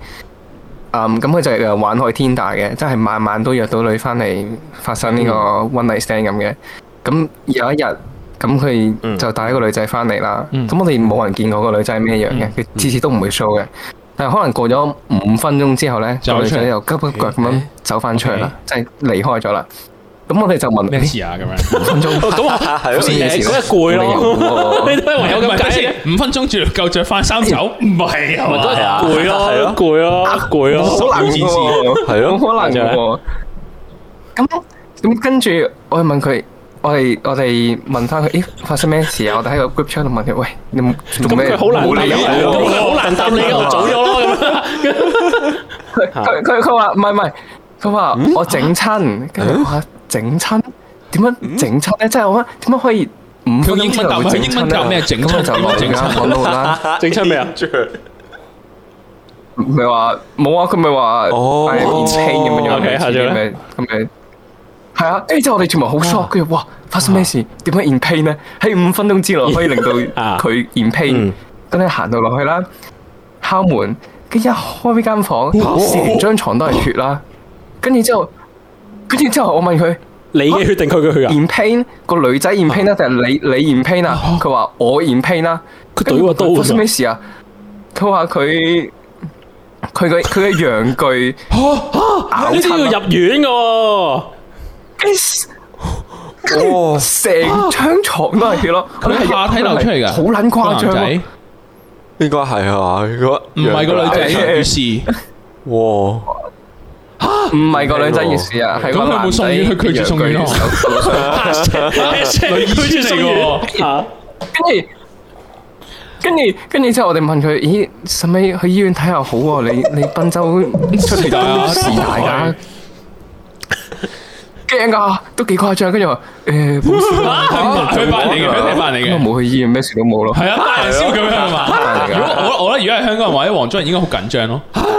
Um, 嗯，咁佢就係玩海天大嘅，即係晚晚都約到女翻嚟發生呢個 one night stand 咁嘅。咁、mm. 有一日，咁佢就帶一個女仔翻嚟啦。咁、mm. 嗯、我哋冇人見過個女仔係咩樣嘅，佢次、mm. 次都唔會 show 嘅。但係可能過咗五分鐘之後咧，個女仔又急急,急腳咁樣走翻出嚟啦，Okay. 即係離開咗啦。咁我哋就問咩事啊？咁樣五分鐘，咁啊，係咯，咁啊，攰咯，你都係網友嘅。解釋。五分鐘仲夠着翻衫走？唔係，係啊，攰啦，係啊，攰啊，攰啊，好難堅持啊，係啊，好難嘅。咁咁跟住我哋問佢，我哋我哋問翻佢，咦？發生咩事啊？我哋喺個 groupchat 度問佢，喂，咁佢好難答你，好難答你嘅，我走咗咯。佢佢佢佢話唔係唔係，佢話我整親，跟住話。整親？點樣整親咧？即係我點樣？點樣可以五分鐘就會整親？整親咩啊？唔係話冇啊？佢唔係話哦變青咁樣樣嘅，係啊！跟住之後我哋全部好 shock，跟住哇！發生咩事？點解變青呢？喺五分鐘之內可以令到佢變青？咁咧，行到落去啦，敲門，跟一開呢間房，哇！成張床都係血啦，跟住之後。跟住之後，我問佢：你嘅血定佢嘅血啊？嫌 pain 個女仔嫌 pain 啦，定係你你嫌 pain 啊？佢話：我嫌 pain 啦。佢隊話多嘅。發生咩事啊？佢話佢佢嘅佢嘅陽具你知好要入院嘅。哇！成張床都係血咯，佢係下體流出嚟嘅，好撚誇張。應該係啊，如果唔係個女仔，於是哇。唔係個女仔件事啊，係個男仔拒絕送院，佢拒絕送院，跟住跟住跟住之後我哋問佢，咦使咪去醫院睇下好啊？你你賓周出事啊？是啊，驚噶，都幾誇張。跟住話誒，冇事冇去醫院，咩事都冇咯。係啊，大銀燒腳嘛。我我我咧，如果係香港人或者黃種人應該好緊張咯。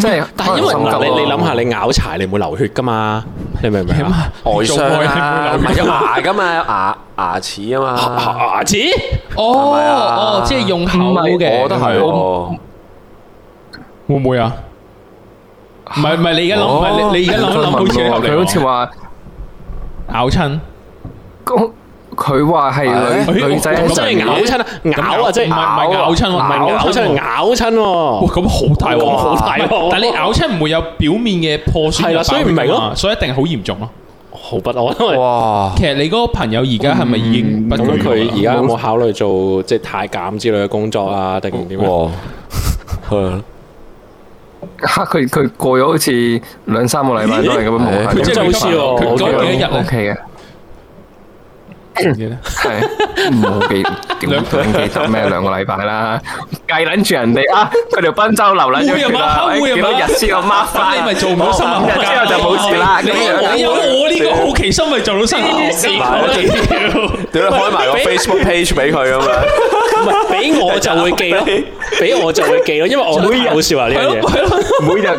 即係，但係因為你你諗下，你咬柴你唔會流血噶嘛？你明唔明啊？外傷啊，唔係有牙噶嘛？牙牙齒啊嘛？牙齒？哦哦，即係用口嘅，我覺得係。會唔會啊？唔係唔係，你而家諗唔係你你而家諗諗好似佢好似話咬親。佢話係女女仔，真係咬親啊！咬啊！真係唔係唔係咬親喎，唔係咬親，咬親喎。咁好大喎，好大喎。但你咬親唔會有表面嘅破碎？係啦，所以唔明咯。所以一定係好嚴重咯，毫不妥。哇！其實你嗰個朋友而家係咪已經咁樣佢而家有冇考慮做即係太監之類嘅工作啊？定點啊？吓？佢佢過咗好似兩三個禮拜都係咁樣無限，佢真係好黐喎。講幾日 OK 嘅。係唔好記，兩兩幾十咩？兩個禮拜啦，計捻住人哋啊，佢條賓州流捻住啦，幾多日子個 mark 翻你咪做唔到新嘅，之後就冇事啦。你有我呢個好奇心，咪做到新嘅，幾條？唔係開埋個 Facebook page 俾佢啊嘛，唔係俾我就會記咯，俾我就會記咯，因為我每日好笑啊呢樣嘢，每日。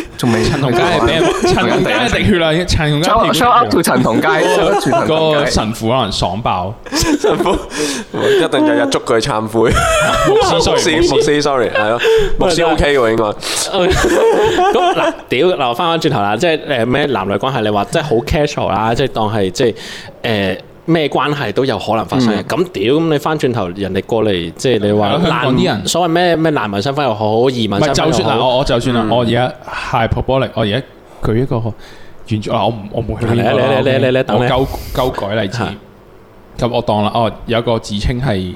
仲陳同佳，俾陳同佳滴血啦！陳同佳，shout out to 陳同佳，個神父可能爽爆，神父一定日日捉佢懺悔，牧師 sorry，牧師 sorry，係咯，牧師 OK 喎應該。咁嗱，屌，嗱翻返轉頭啦，即係誒咩男女關係？你話即係好 casual 啦，即係當係即係誒。咩關係都有可能發生嘅，咁屌咁你翻轉頭人哋過嚟，即係你話難，所謂咩咩難民身份又好，移民身份又好。唔係就算啦，我我就算啦，我而家係破玻璃，我而家舉一個完我唔我唔去邊度啦。嚟嚟嚟嚟我改修改例子，咁我當啦，哦，有個自稱係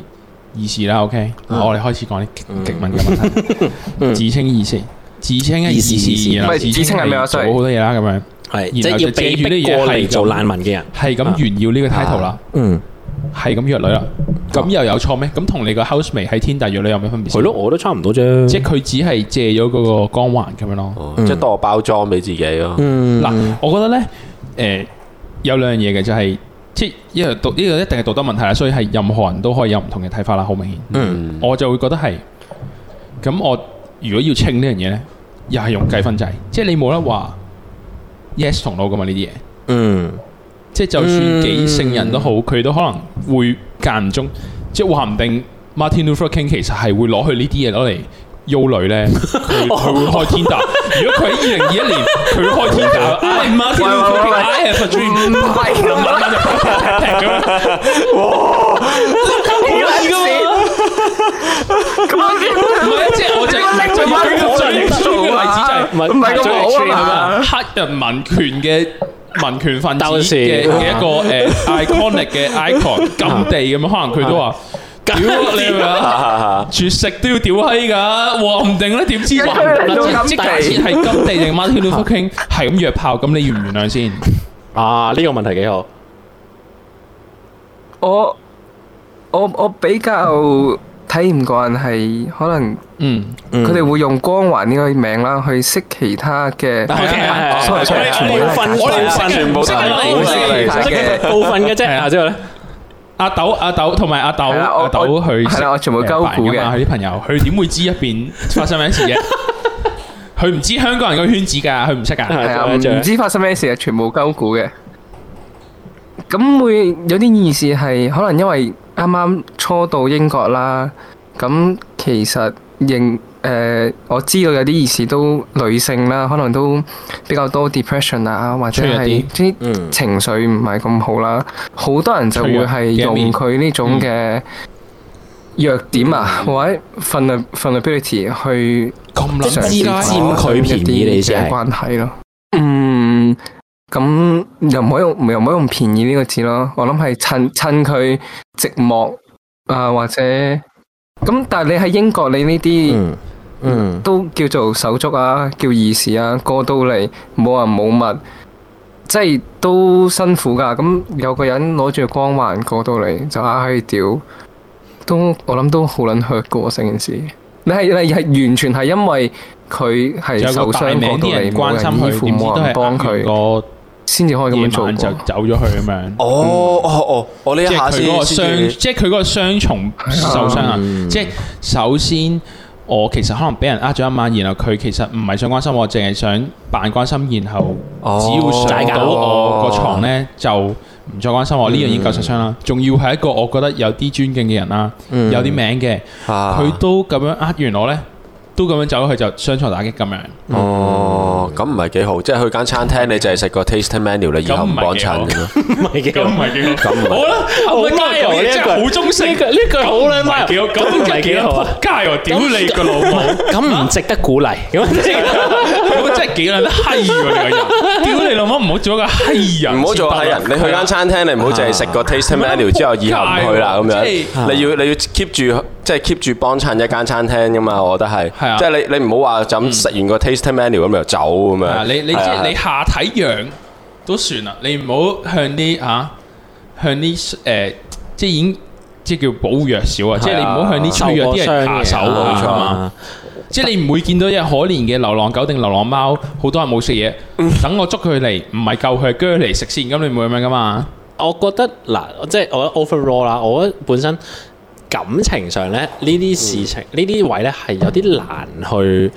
義士啦，OK，我哋開始講啲極敏感嘅問題，自稱義士，自稱嘅義士，唔係自稱係咩好多嘢啦，咁樣。係，即係要借呢過嚟做難民嘅人，係咁、啊、炫耀呢、啊、個 title 啦，嗯，係咁約女啦，咁又有錯咩？咁同你個 housemate 喺天大約女有咩分別？係咯，我都差唔多啫。即係佢只係借咗嗰個光環咁樣咯，即係多個包裝俾自己咯、啊。嗱、嗯啊，我覺得咧，誒、呃，有兩樣嘢嘅就係、是，即係因為讀呢個一定係道德問題啦，所以係任何人都可以有唔同嘅睇法啦，好明顯。嗯、我就會覺得係，咁我如果要清呢樣嘢咧，又係用計分制，即係你冇得話。Yes 同我噶嘛呢啲嘢，嗯，即係就算幾聖人都好，佢、mm. 都可能會間唔中，即係話唔定 Martin Luther King 其實係會攞去呢啲嘢攞嚟邀女咧，佢佢會開 Tinder。哦、如果佢喺二零二一年，佢開 Tinder，I have a dream，我。唔係，即係我最最最中意嘅例子，就係唔係咁好啊嘛，黑人民權嘅民權份子嘅一個誒 iconic 嘅 icon，金地咁樣，可能佢都話屌你啊，絕食都要屌閪噶，話唔定咧，點知話？嗱，即係錢係金地定馬丁路德金，係咁約炮，咁你原唔原諒先啊？呢個問題幾好，我我我比較。睇唔慣係可能，嗯，佢哋會用光環呢個名啦，去識其他嘅，所以全部都部分嘅啫。之後咧，阿豆阿豆同埋阿豆阿豆去識，我全部鳩估嘅，佢啲朋友，佢點會知一邊發生咩事嘅？佢唔知香港人個圈子噶，佢唔識噶，係啊，唔知發生咩事啊，全部鳩估嘅。咁會有啲意思係可能因爲。啱啱初到英國啦，咁其實認誒、呃、我知道有啲意事都女性啦，可能都比較多 depression 啊，或者係啲情緒唔係咁好啦。好多人就會係用佢呢種嘅弱點啊，弱或者 vulnerability、嗯、去佔佢一啲嘅關係咯。嗯。咁又唔可以用，又唔可以用便宜呢個字咯。我諗係趁趁佢寂寞啊，或者咁。但係你喺英國，你呢啲嗯，嗯都叫做手足啊，叫義士啊，過到嚟冇人冇物，即係都辛苦噶。咁有個人攞住光環過到嚟，就唉屌，都我諗都好捻血噶喎。成件事，你係係完全係因為佢係受傷過到嚟，冇人關心佢，冇人幫佢先至可以咁做，就走咗去咁樣。哦哦哦！我呢一下先，即係佢嗰個雙，即係佢嗰個雙重受傷啊！Oh, 嗯、即係首先，我其實可能俾人呃咗一晚，然後佢其實唔係想關心我，淨係想扮關心，然後只要上到我個床咧就唔再關心我。呢樣、oh, 已經夠受傷啦，仲要係一個我覺得有啲尊敬嘅人啦，oh, 嗯、有啲名嘅，佢都咁樣呃完我咧，都咁樣走咗去就雙重打擊咁樣。哦，咁唔係幾好，即係去間餐廳你就係食個 tasting menu 啦，以後唔幫襯㗎啦。唔係幾好，唔係幾好。好啦，我加油一句，好忠誠。呢句好啦，加油。咁唔係幾好啊？加油！屌你個老母，咁唔值得鼓勵。咁真係，咁真係幾撚閪㗎呢個人？屌你老母，唔好做一個閪人。唔好做閪人，你去間餐廳你唔好淨係食個 tasting menu 之後以後唔去啦咁樣。你要你要 keep 住即係 keep 住幫襯一間餐廳㗎嘛？我覺得係。即係你，你唔好話就咁食完個 taste menu 咁就走咁樣啊！你你即係你下體弱都算啦，你唔好向啲吓向啲誒，即係已經即係叫保護弱小啊！即係你唔好向啲脆弱啲人下手，冇錯啊！即係你唔會見到有可憐嘅流浪狗定流浪貓，好多人冇食嘢，等我捉佢嚟，唔係救佢，係叫佢嚟食先，咁你唔會咁樣噶嘛？我覺得嗱，即係我 overall 啦，我覺得本身。感情上咧，呢啲事情呢啲位咧係有啲難去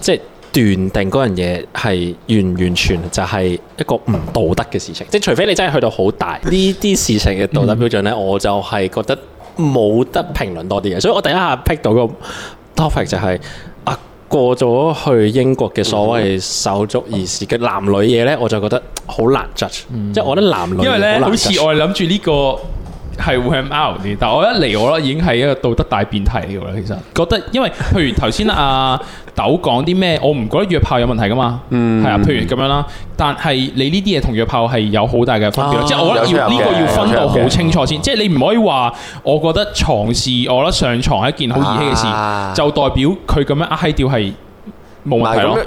即係斷定嗰樣嘢係完完全就係一個唔道德嘅事情，即係除非你真係去到好大呢啲事情嘅道德標準咧，嗯、我就係覺得冇得評論多啲嘢。所以我第一下 pick 到個 topic 就係、是、啊過咗去，去英國嘅所謂手足義士嘅、嗯、男女嘢咧，我就覺得好難 judge、嗯、即係我覺得男女因為咧好似我係諗住呢個。係會 out 啲，但我一嚟我覺得已經係一個道德大變態嘅啦，其實覺得因為，譬如頭先阿豆講啲咩，我唔覺得約炮有問題噶嘛，係啊、mm.，譬如咁樣啦。但係你呢啲嘢同約炮係有好大嘅分別，oh. 即係我覺得要呢、oh. 個要分到好清楚先，即係 you 你唔可以話，我覺得床事我覺得上床係一件好兒戲嘅事，就代表佢咁樣嗨掉係冇問題咯。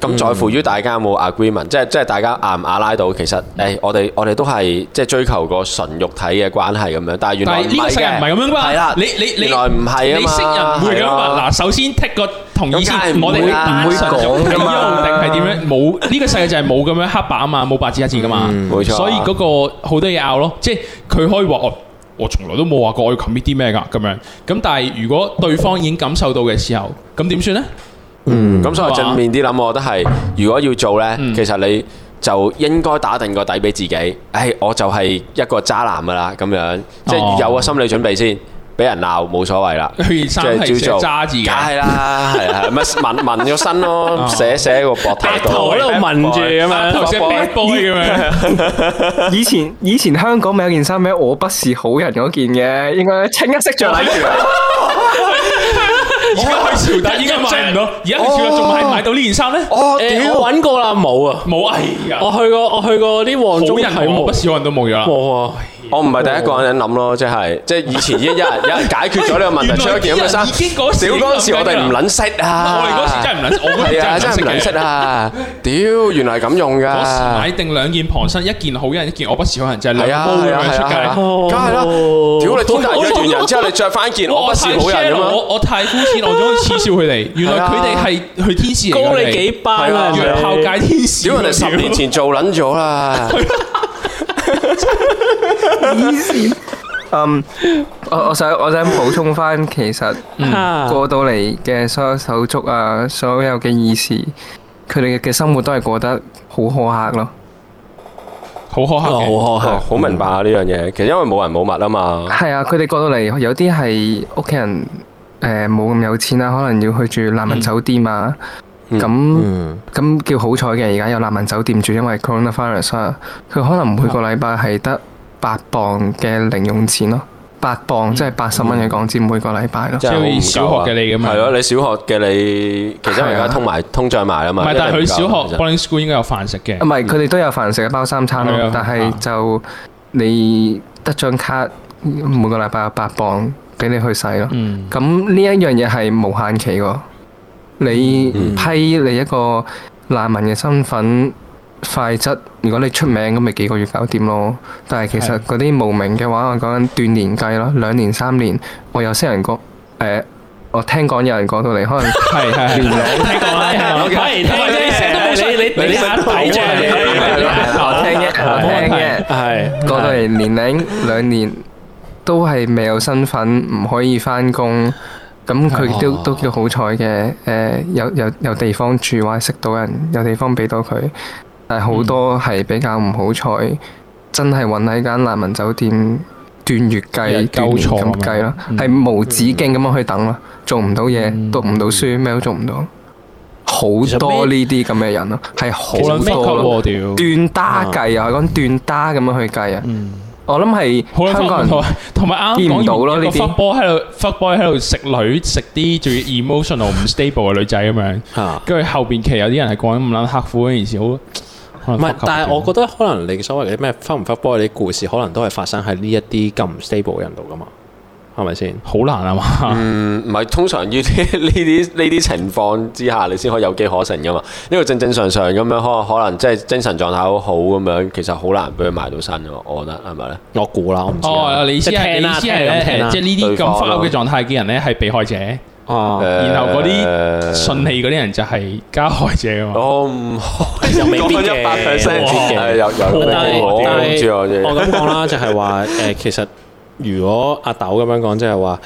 咁在乎於大家有冇 agreement，、嗯、即係即係大家啱唔啱拉到？其實誒、哎，我哋我哋都係即係追求個純肉體嘅關係咁樣。但係原來呢個世界唔係咁樣㗎嘛？你你你原來唔係啊，你識人唔會㗎嘛？嗱、啊，首先剔 a 個同意先，唔會唔、啊、會講呢啲好定係點樣？冇呢 <laughs> 個世界就係冇咁樣黑板啊嘛，冇白紙黑字㗎嘛。冇、嗯、錯、啊，所以嗰個好多嘢拗咯，即係佢可以話：我、哦、我從來都冇話過我要 commit 啲咩㗎咁樣。咁但係如果對方已經感受到嘅時候，咁點算咧？嗯，咁所以正面啲諗，我覺得係，如果要做咧，其實你就應該打定個底俾自己，誒，我就係一個渣男噶啦，咁樣，即係有個心理準備先，俾人鬧冇所謂啦，即係照做，梗係啦，係係，乜紋紋咗身咯，寫寫個膊頭度，台喺度紋住咁樣，以前以前香港咪有件衫咩？我不是好人嗰件嘅，應該清一色着住。而家去潮搭，而家買唔到。而家去潮搭仲買唔、啊、買到件呢件衫咧？哦，誒，我揾過啦，冇啊，冇啊、欸，我去過，我去過啲黃種人，好，唔少人都冇咗。我唔係第一個人諗咯，即係即係以前一日有人解決咗呢個問題，出一件咁嘅衫。小嗰陣時我哋唔撚識啊，我哋嗰時真係唔撚識。我係啊，真係唔撚識啊！屌，原來係咁用㗎。買定兩件傍身，一件好人一件我不是好人，即係兩包咁樣出街。屌，你拖大咗團人之後，你著翻件我不是好人啊嘛！我我太膚淺，落咗去恥笑佢哋。原來佢哋係去天使嚟嘅。高你幾百啊？越後界天使。屌，你十年前做撚咗啦！意思，嗯，我我想我想補充翻，其實過到嚟嘅所有手足啊，所有嘅意思，佢哋嘅嘅生活都係過得好苛刻咯，好苛刻嘅，好苛刻，好明白啊呢樣嘢。其實因為冇人冇物啊嘛，係啊，佢哋過到嚟有啲係屋企人誒冇咁有錢啦，可能要去住難民酒店啊，咁咁叫好彩嘅，而家有難民酒店住，因為 Corona Virus 啊，佢可能每個禮拜係得。八磅嘅零用錢咯，八磅即係八十蚊嘅港紙，每個禮拜咯，即係小學嘅你咁啊，係咯，你小學嘅你，其實而家通埋通脹埋啊嘛，唔係，但係佢小學 boarding school 應該有飯食嘅，唔係，佢哋都有飯食包三餐咯，但係就你得張卡，每個禮拜有八磅俾你去使咯，咁呢一樣嘢，係無限期噶你批你一個難民嘅身份，快質，如果你出名咁咪幾個月搞掂咯。但係其實嗰啲無名嘅話，我講緊段年計咯，兩年三年。我有啲人講，誒，我聽講有人講到嚟，可能係係年老，係聽嘅，係聽嘅，講到嚟年齡兩年都係未有身份，唔可以翻工。咁佢都都叫好彩嘅，誒，有有有地方住，或者識到人，有地方俾到佢。但係好多係比較唔好彩，真係搵喺間難民酒店斷月計、斷咁計咯，係無止境咁樣去等咯，做唔到嘢，讀唔到書，咩都做唔到。好多呢啲咁嘅人咯，係好多咯。斷打計啊，講斷打咁樣去計啊。我諗係香港人同埋啱講完個 fuck boy 喺度，fuck boy 喺度食女，食啲最 emotional 唔 stable 嘅女仔咁樣。吓，跟住後邊其實有啲人係講緊唔撚刻苦嗰件事，好。唔係，但係我覺得可能你所謂嘅咩翻唔翻波啲故事，可能都係發生喺呢一啲咁唔 stable 嘅人度噶嘛，係咪先？好難啊嘛，嗯，唔係通常呢啲呢啲呢啲情況之下，你先可以有機可乘噶嘛。呢個正正常常咁樣，可可能即係精神狀態好好咁樣，其實好難俾佢埋到身嘅。我覺得係咪咧？我估啦，我唔知，哦，知你意思係你意思係咧，即係呢啲咁 fuck up 嘅狀態嘅人咧，係被害者。啊，然後嗰啲順氣嗰啲人就係加害者喎。我唔有咩嘅，有有咩嘅。我 <laughs> 我咁講啦，就係話誒，其實如果阿豆咁樣講，即係話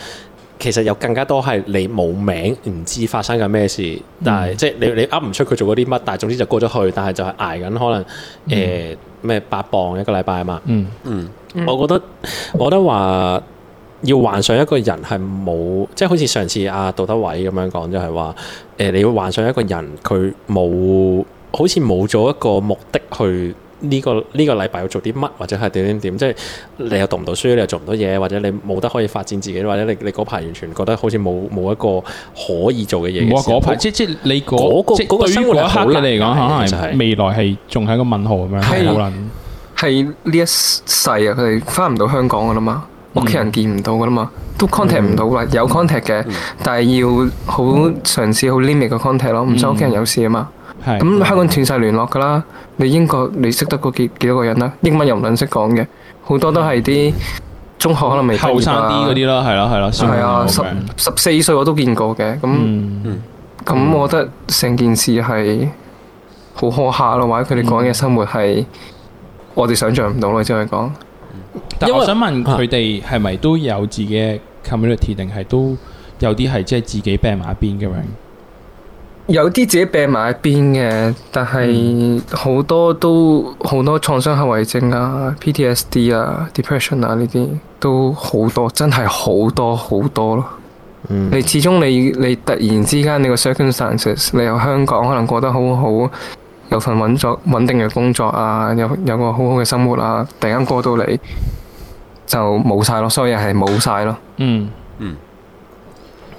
其實有更加多係你冇名，唔知發生緊咩事。但係、嗯、即係你你噏唔出佢做過啲乜，但係總之就過咗去。但係就係捱緊可能誒咩八磅一個禮拜啊嘛。嗯嗯，嗯，我覺得我覺得話。要幻想一個人係冇，即係好似上次阿杜德偉咁樣講，就係、是、話，誒、呃，你要幻想一個人佢冇，好似冇咗一個目的去呢、這個呢、這個禮拜要做啲乜，或者係點點點，即係你又讀唔到書，你又做唔到嘢，或者你冇得可以發展自己，或者你你嗰排完全覺得好似冇冇一個可以做嘅嘢。排、啊，那個、即個、那個、即係你嗰個生活嘅刻嘅嚟講，可能係未來係仲係個問號咁樣。係係呢一世啊，佢哋返唔到香港㗎喇嘛。屋企人見唔到㗎啦嘛，都 contact 唔到啦。嗯、有 contact 嘅，嗯、但係要好嘗試好 limit 嘅 contact 咯、嗯。唔想屋企人有事啊嘛。咁、嗯、香港斷晒聯絡㗎啦。嗯、你英國你識得個幾，幾多個人咧？英文又唔撚識講嘅，好多都係啲中學可能未讀啊嗰啲啦，係啦係啦。係啊，十十四歲我都見過嘅。咁咁，我覺得成件事係好苛刻咯。話佢哋講嘅生活係我哋想象唔到咯，即係講。我想問佢哋係咪都有自己嘅 community，定係都有啲係即係自己病埋一邊嘅？有啲自己病埋一邊嘅，但係好多都好、嗯、多，多創傷後遺症啊、PTSD 啊、depression 啊呢啲都好多，真係好多好多咯。你、嗯、始終你你突然之間你個 circumstances，你由香港可能過得好好，有份穩作穩定嘅工作啊，有有個好好嘅生活啊，突然間過到嚟。就冇晒咯，所以係冇晒咯。嗯嗯，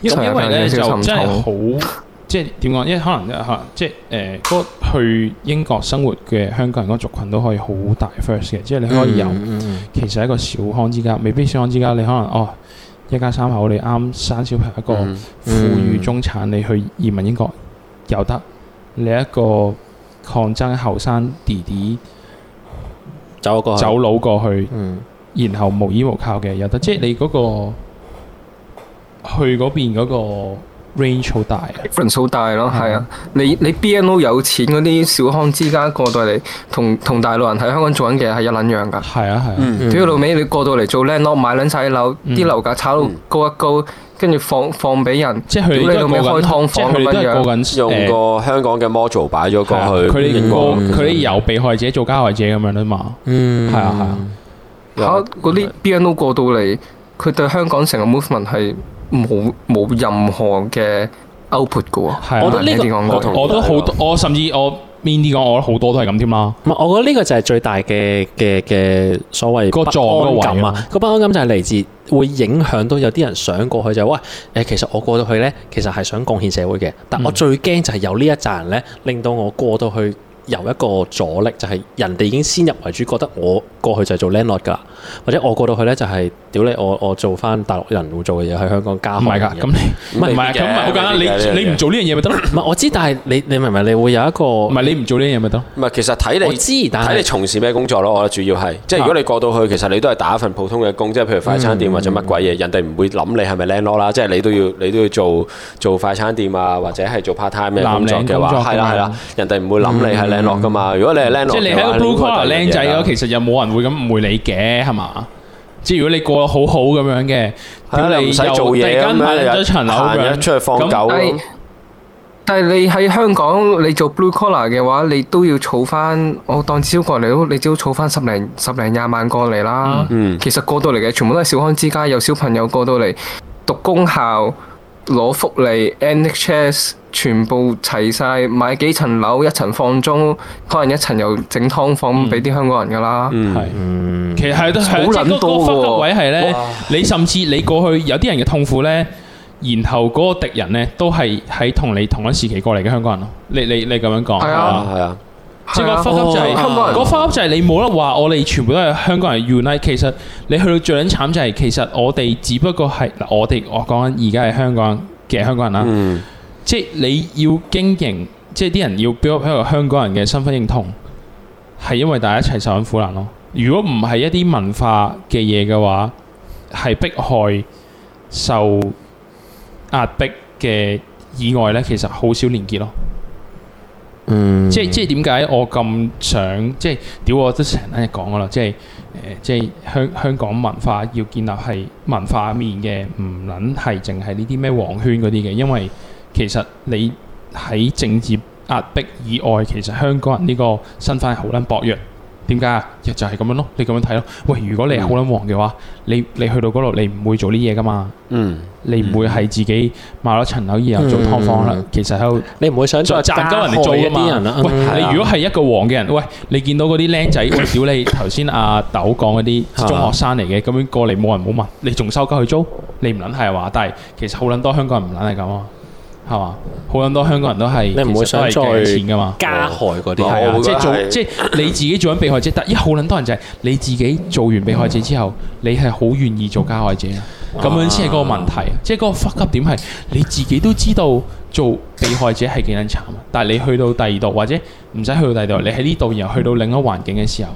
因因為咧就真係好， <laughs> 即係點講？因為可能吓，即係誒、呃，去英國生活嘅香港人嗰族群都可以好 diverse 嘅，嗯、即係你可以有。嗯、其實一個小康之家，未必小康之家，嗯、你可能哦，一家三口，你啱生小朋友一個富裕中產，嗯嗯、你去移民英國又得。你一個抗爭後生弟弟走過去，走佬過去，過去。嗯。然後無依無靠嘅有得，即係你嗰個去嗰邊嗰個 range 好大 difference 好大咯，係啊！你你 B N O 有錢啲小康之家過到嚟，同同大陸人喺香港做緊嘅係一撚樣㗎。係啊係，屌老尾你過到嚟做 landlord 買撚曬啲樓，啲樓價炒到高一高，跟住放放俾人，即係佢都冇開劏房咁樣。用個香港嘅 module 擺咗過去，佢佢哋由被害者做加害者咁樣啦嘛。嗯，係啊係啊。嚇！嗰啲 BNO 過到嚟，佢對香港成個 movement 係冇冇任何嘅 output 噶喎。吧我覺得呢個，我,我,我都好，多，我甚至我 mind 啲講，我好多都係咁添嘛。唔係，我覺得呢個就係最大嘅嘅嘅所謂不安感啊！個,個不安感就係嚟自會影響到有啲人想過去就係喂，誒其實我過到去咧，其實係想貢獻社會嘅，但我最驚就係有呢一紮人咧令到我過到去。由一個阻力就係人哋已經先入為主，覺得我過去就係做 landlord 㗎，或者我過到去呢，就係屌你，我我做翻大陸人會做嘅嘢喺香港加唔㗎？咁你唔係好簡單，你唔做呢樣嘢咪得咯？唔係我知，但係你你明唔明？你會有一個唔係你唔做呢樣嘢咪得？唔係，其實睇你睇你從事咩工作咯？我覺得主要係即係如果你過到去，其實你都係打一份普通嘅工，即係譬如快餐店或者乜鬼嘢，人哋唔會諗你係咪 landlord 啦。即係你都要你都要做做快餐店啊，或者係做 part time 嘅工作嘅話，係啦係啦，人哋唔會諗你係。靚落噶嘛？如果你係靚，即係你係一個 blue collar 靚仔咯。其實又冇人會咁誤會你嘅，係嘛？即係如果你過得好好咁樣嘅，點解你唔使做嘢咁樣，有晨練，有出去放狗。但係你喺香港，你做 blue collar 嘅話，你都要儲翻。我當初過嚟都，你都要儲翻十零十零廿萬過嚟啦。嗯，其實過到嚟嘅全部都係小康之家，有小朋友過到嚟讀公校。攞福利，NHS 全部齊晒，買幾層樓，一層放租，可能一層又整劏房俾啲香港人噶啦，係、嗯，嗯嗯、其實係都係，嗯、即係嗰個分割位係咧，哇你甚至你過去有啲人嘅痛苦呢，然後嗰個敵人呢，都係喺同你同一時期過嚟嘅香港人咯，你你你咁樣講係啊，係啊。即係個分合就係嗰分合就係你冇得話我哋全部都係香港人 unite，其實你去到最捻慘就係其實我哋只不過係我哋我講緊而家係香港嘅香港人啦，嗯、即係你要經營，即係啲人要表一個香港人嘅身份認同，係因為大家一齊受緊苦難咯。如果唔係一啲文化嘅嘢嘅話，係迫害受壓迫嘅以外呢，其實好少連結咯。嗯，即係即係點解我咁想即係屌我都成日講噶啦，即係誒即係香香港文化要建立喺文化面嘅，唔撚係淨係呢啲咩黃圈嗰啲嘅，因為其實你喺政治壓迫以外，其實香港人呢個身分係好撚薄弱。點解啊？就係咁樣咯，你咁樣睇咯。喂，如果你好撚黃嘅話，你你去到嗰度，你唔會做啲嘢噶嘛？嗯，你唔會係自己買咗層樓以後做劏房啦。其實係，你唔會想再賺鳩人嚟租啊嘛。喂，你如果係一個黃嘅人，喂，你見到嗰啲靚仔，屌你頭先阿豆講嗰啲中學生嚟嘅，咁樣過嚟冇人冇問，你仲收鳩佢租？你唔撚係話，但係其實好撚多香港人唔撚係咁啊。係嘛？好撚多香港人都係，你唔不會想再加害嗰啲、哦，啊、即係做 <coughs> 即係你自己做緊被害者，但係一好撚多人就係你自己做完被害者之後，你係好願意做加害者，咁哇 樣先係嗰個問題，啊、即係嗰個呼吸點係你自己都知道做被害者係幾撚慘，但係你去到第二度或者唔使去到第二度，你喺呢度然後去到另一環境嘅時候，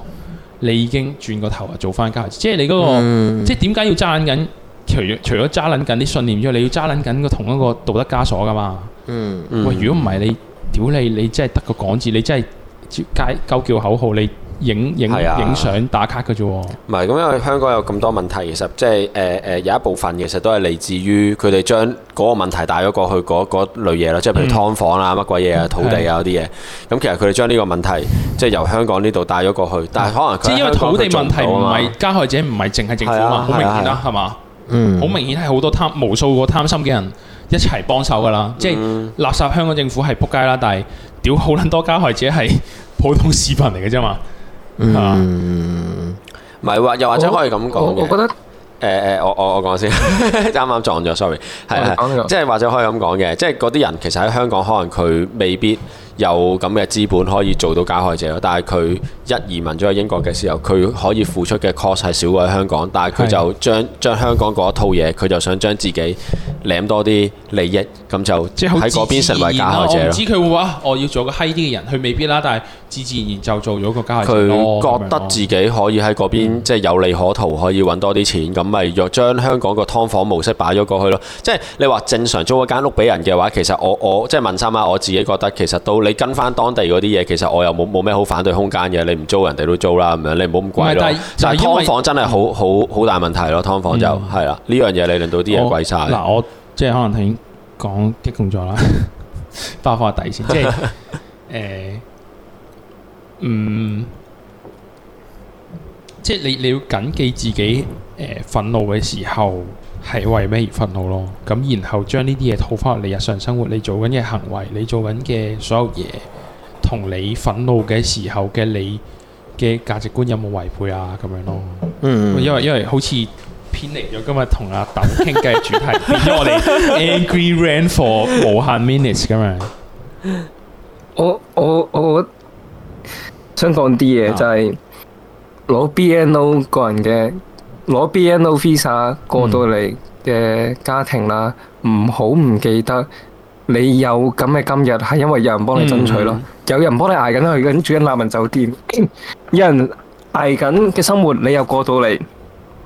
你已經轉個頭啊做翻加害者，即係你嗰、那個、嗯、即係點解要爭緊？除除咗揸撚緊啲信念之外，你要揸撚緊個同一個道德枷鎖噶嘛，嗯？嗯，喂，如果唔係你屌你，你真係得個講字，你真係街鳩叫口號，你影影影相打卡嘅啫喎。唔係咁，因為香港有咁多問題，其實即係誒誒有一部分其實都係嚟自於佢哋將嗰個問題帶咗過去嗰類嘢咯，即係譬如劏房啊乜、嗯、鬼嘢啊土地等等是啊嗰啲嘢。咁其實佢哋將呢個問題即係是、啊、由香港呢度帶咗過去，但係可能即係因為土地問題唔係加害者唔係淨係政府嘛，好明顯啦、啊，係嘛？嗯，好明顯係好多貪無數個貪心嘅人一齊幫手噶啦，嗯、即係垃圾香港政府係仆街啦，但係屌好撚多加害者係普通市民嚟嘅啫嘛，嚇唔係又或者可以咁講我，我，我覺得誒誒、欸，我我我講先，啱 <laughs> 啱撞咗，sorry，係係、嗯，即係是或者可以咁講嘅，即係嗰啲人其實喺香港可能佢未必。有咁嘅資本可以做到加害者咯，但係佢一移民咗去英國嘅時候，佢可以付出嘅 cost 係少過喺香港，但係佢就將將的香港嗰一套嘢，佢就想將自己攬多啲利益，咁就即係喺嗰邊成為加害者咯。唔、啊、知佢會話我要做個閪啲嘅人，佢未必啦，但係自自然然就做咗個加害者。佢覺得自己可以喺嗰邊即係、嗯、有利可圖，可以揾多啲錢，咁咪若將香港個劏房模式擺咗過去咯。即、就、係、是、你話正常租一間屋俾人嘅話，其實我我即係問心啊，我自己覺得其實都。你跟翻當地嗰啲嘢，其實我又冇冇咩好反對空間嘅。你唔租人哋都租啦，咁樣你唔好咁貴咯。唔係，但係劏房真係好好好大問題咯。劏房就係啦，呢樣嘢你令到啲嘢貴晒。嗱，我即係可能聽講激動咗啦，翻返下底線，即係誒嗯，即係你你要謹記自己誒憤怒嘅時候，係為咩而憤怒咯？咁然後將呢啲嘢套翻落你日常生活，你做緊嘅行為，你做緊嘅所有嘢，同你憤怒嘅時候嘅你嘅價值觀有冇違背啊？咁樣咯，嗯因，因為因為好似偏離咗今日同阿豆傾偈主題，變咗我哋 Angry rain for 無限 minutes 咁樣 <laughs> 。我我我想講啲嘢就係、是、攞 BNO 個人嘅。攞 BNO visa 過到嚟嘅家庭啦，唔好唔記得，你有咁嘅今日，係因為有人幫你爭取咯，嗯、有人幫你挨緊去緊住緊難民酒店， <laughs> 有人挨緊嘅生活，你又過到嚟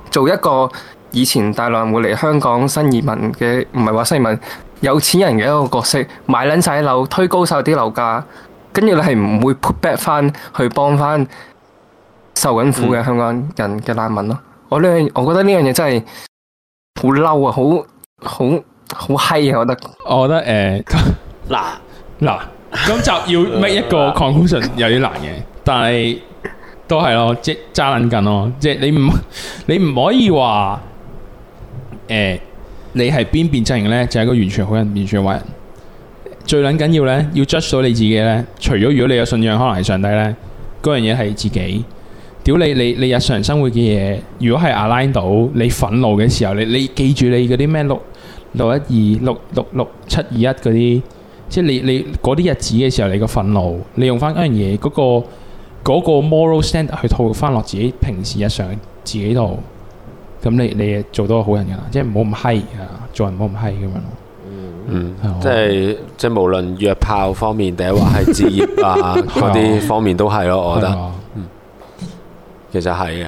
做一個以前大陸會嚟香港新移民嘅，唔係話新移民有錢人嘅一個角色，買撚晒樓，推高晒啲樓價，跟住你係唔會 put back 翻去幫翻受緊苦嘅香港人嘅難民咯。嗯嗯我呢，我覺得呢樣嘢真係好嬲啊，好好好閪啊！我覺得，我覺得誒，嗱嗱，咁就要 make 一個 conclusion 有啲難嘅，但係都係咯，咯，即揸緊緊咯，即係你唔你唔可以話誒、呃，你係邊邊陣營咧，就係一個完全好人，完全壞人。最緊要咧，要 judge 到你自己咧。除咗如果你有信仰，可能係上帝咧，嗰樣嘢係自己。屌你！你你日常生活嘅嘢，如果係 align 到，你憤怒嘅時候，你你記住你嗰啲咩六六一二六六六七二一嗰啲，即係你你嗰啲日子嘅時候，你個憤怒，你用翻嗰樣嘢，嗰、嗰個嗰個 moral standard 去套翻落自己平時日常自己度，咁你你做到個好人噶啦，即係唔好咁閪、嗯、 <music> 啊，做人唔好咁閪咁樣咯。嗯，即係即係無論約炮方面定係話係職業啊嗰啲 <laughs> <laughs> 方面都係咯，我覺得。其實係嘅，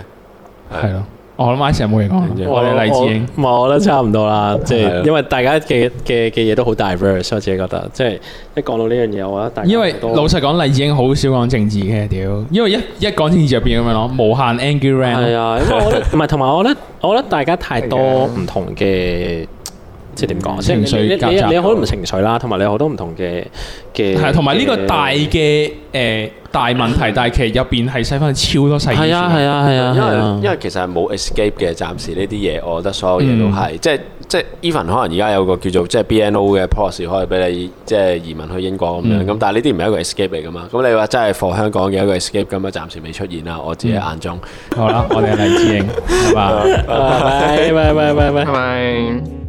係咯。我諗阿 Sir 冇嘢講，我哋黎智英，我覺得差唔多啦。即係因為大家嘅嘅嘅嘢都好 diverse，我自己覺得，即係一講到呢樣嘢，我覺得大。因為老實講，黎智英好少講政治嘅屌。因為一一講政治入邊咁樣咯，無限 angry rant 係啊。因為我覺得唔係，同埋我覺得我覺得大家太多唔同嘅。即係點講？情緒夾雜，你有好多唔情緒啦，同埋你有好多唔同嘅嘅。係同埋呢個大嘅誒大問題，但係其實入邊係細翻超多細。係啊，係啊，係啊。因為因為其實係冇 escape 嘅，暫時呢啲嘢，我覺得所有嘢都係。即係即係，even 可能而家有個叫做即係 BNO 嘅 pass 可以俾你即係移民去英國咁樣。咁但係呢啲唔係一個 escape 嚟噶嘛？咁你話真係放香港嘅一個 escape 咁啊？暫時未出現啊！我自己眼中好啦，我哋係黎智英，係咪？拜拜拜拜拜。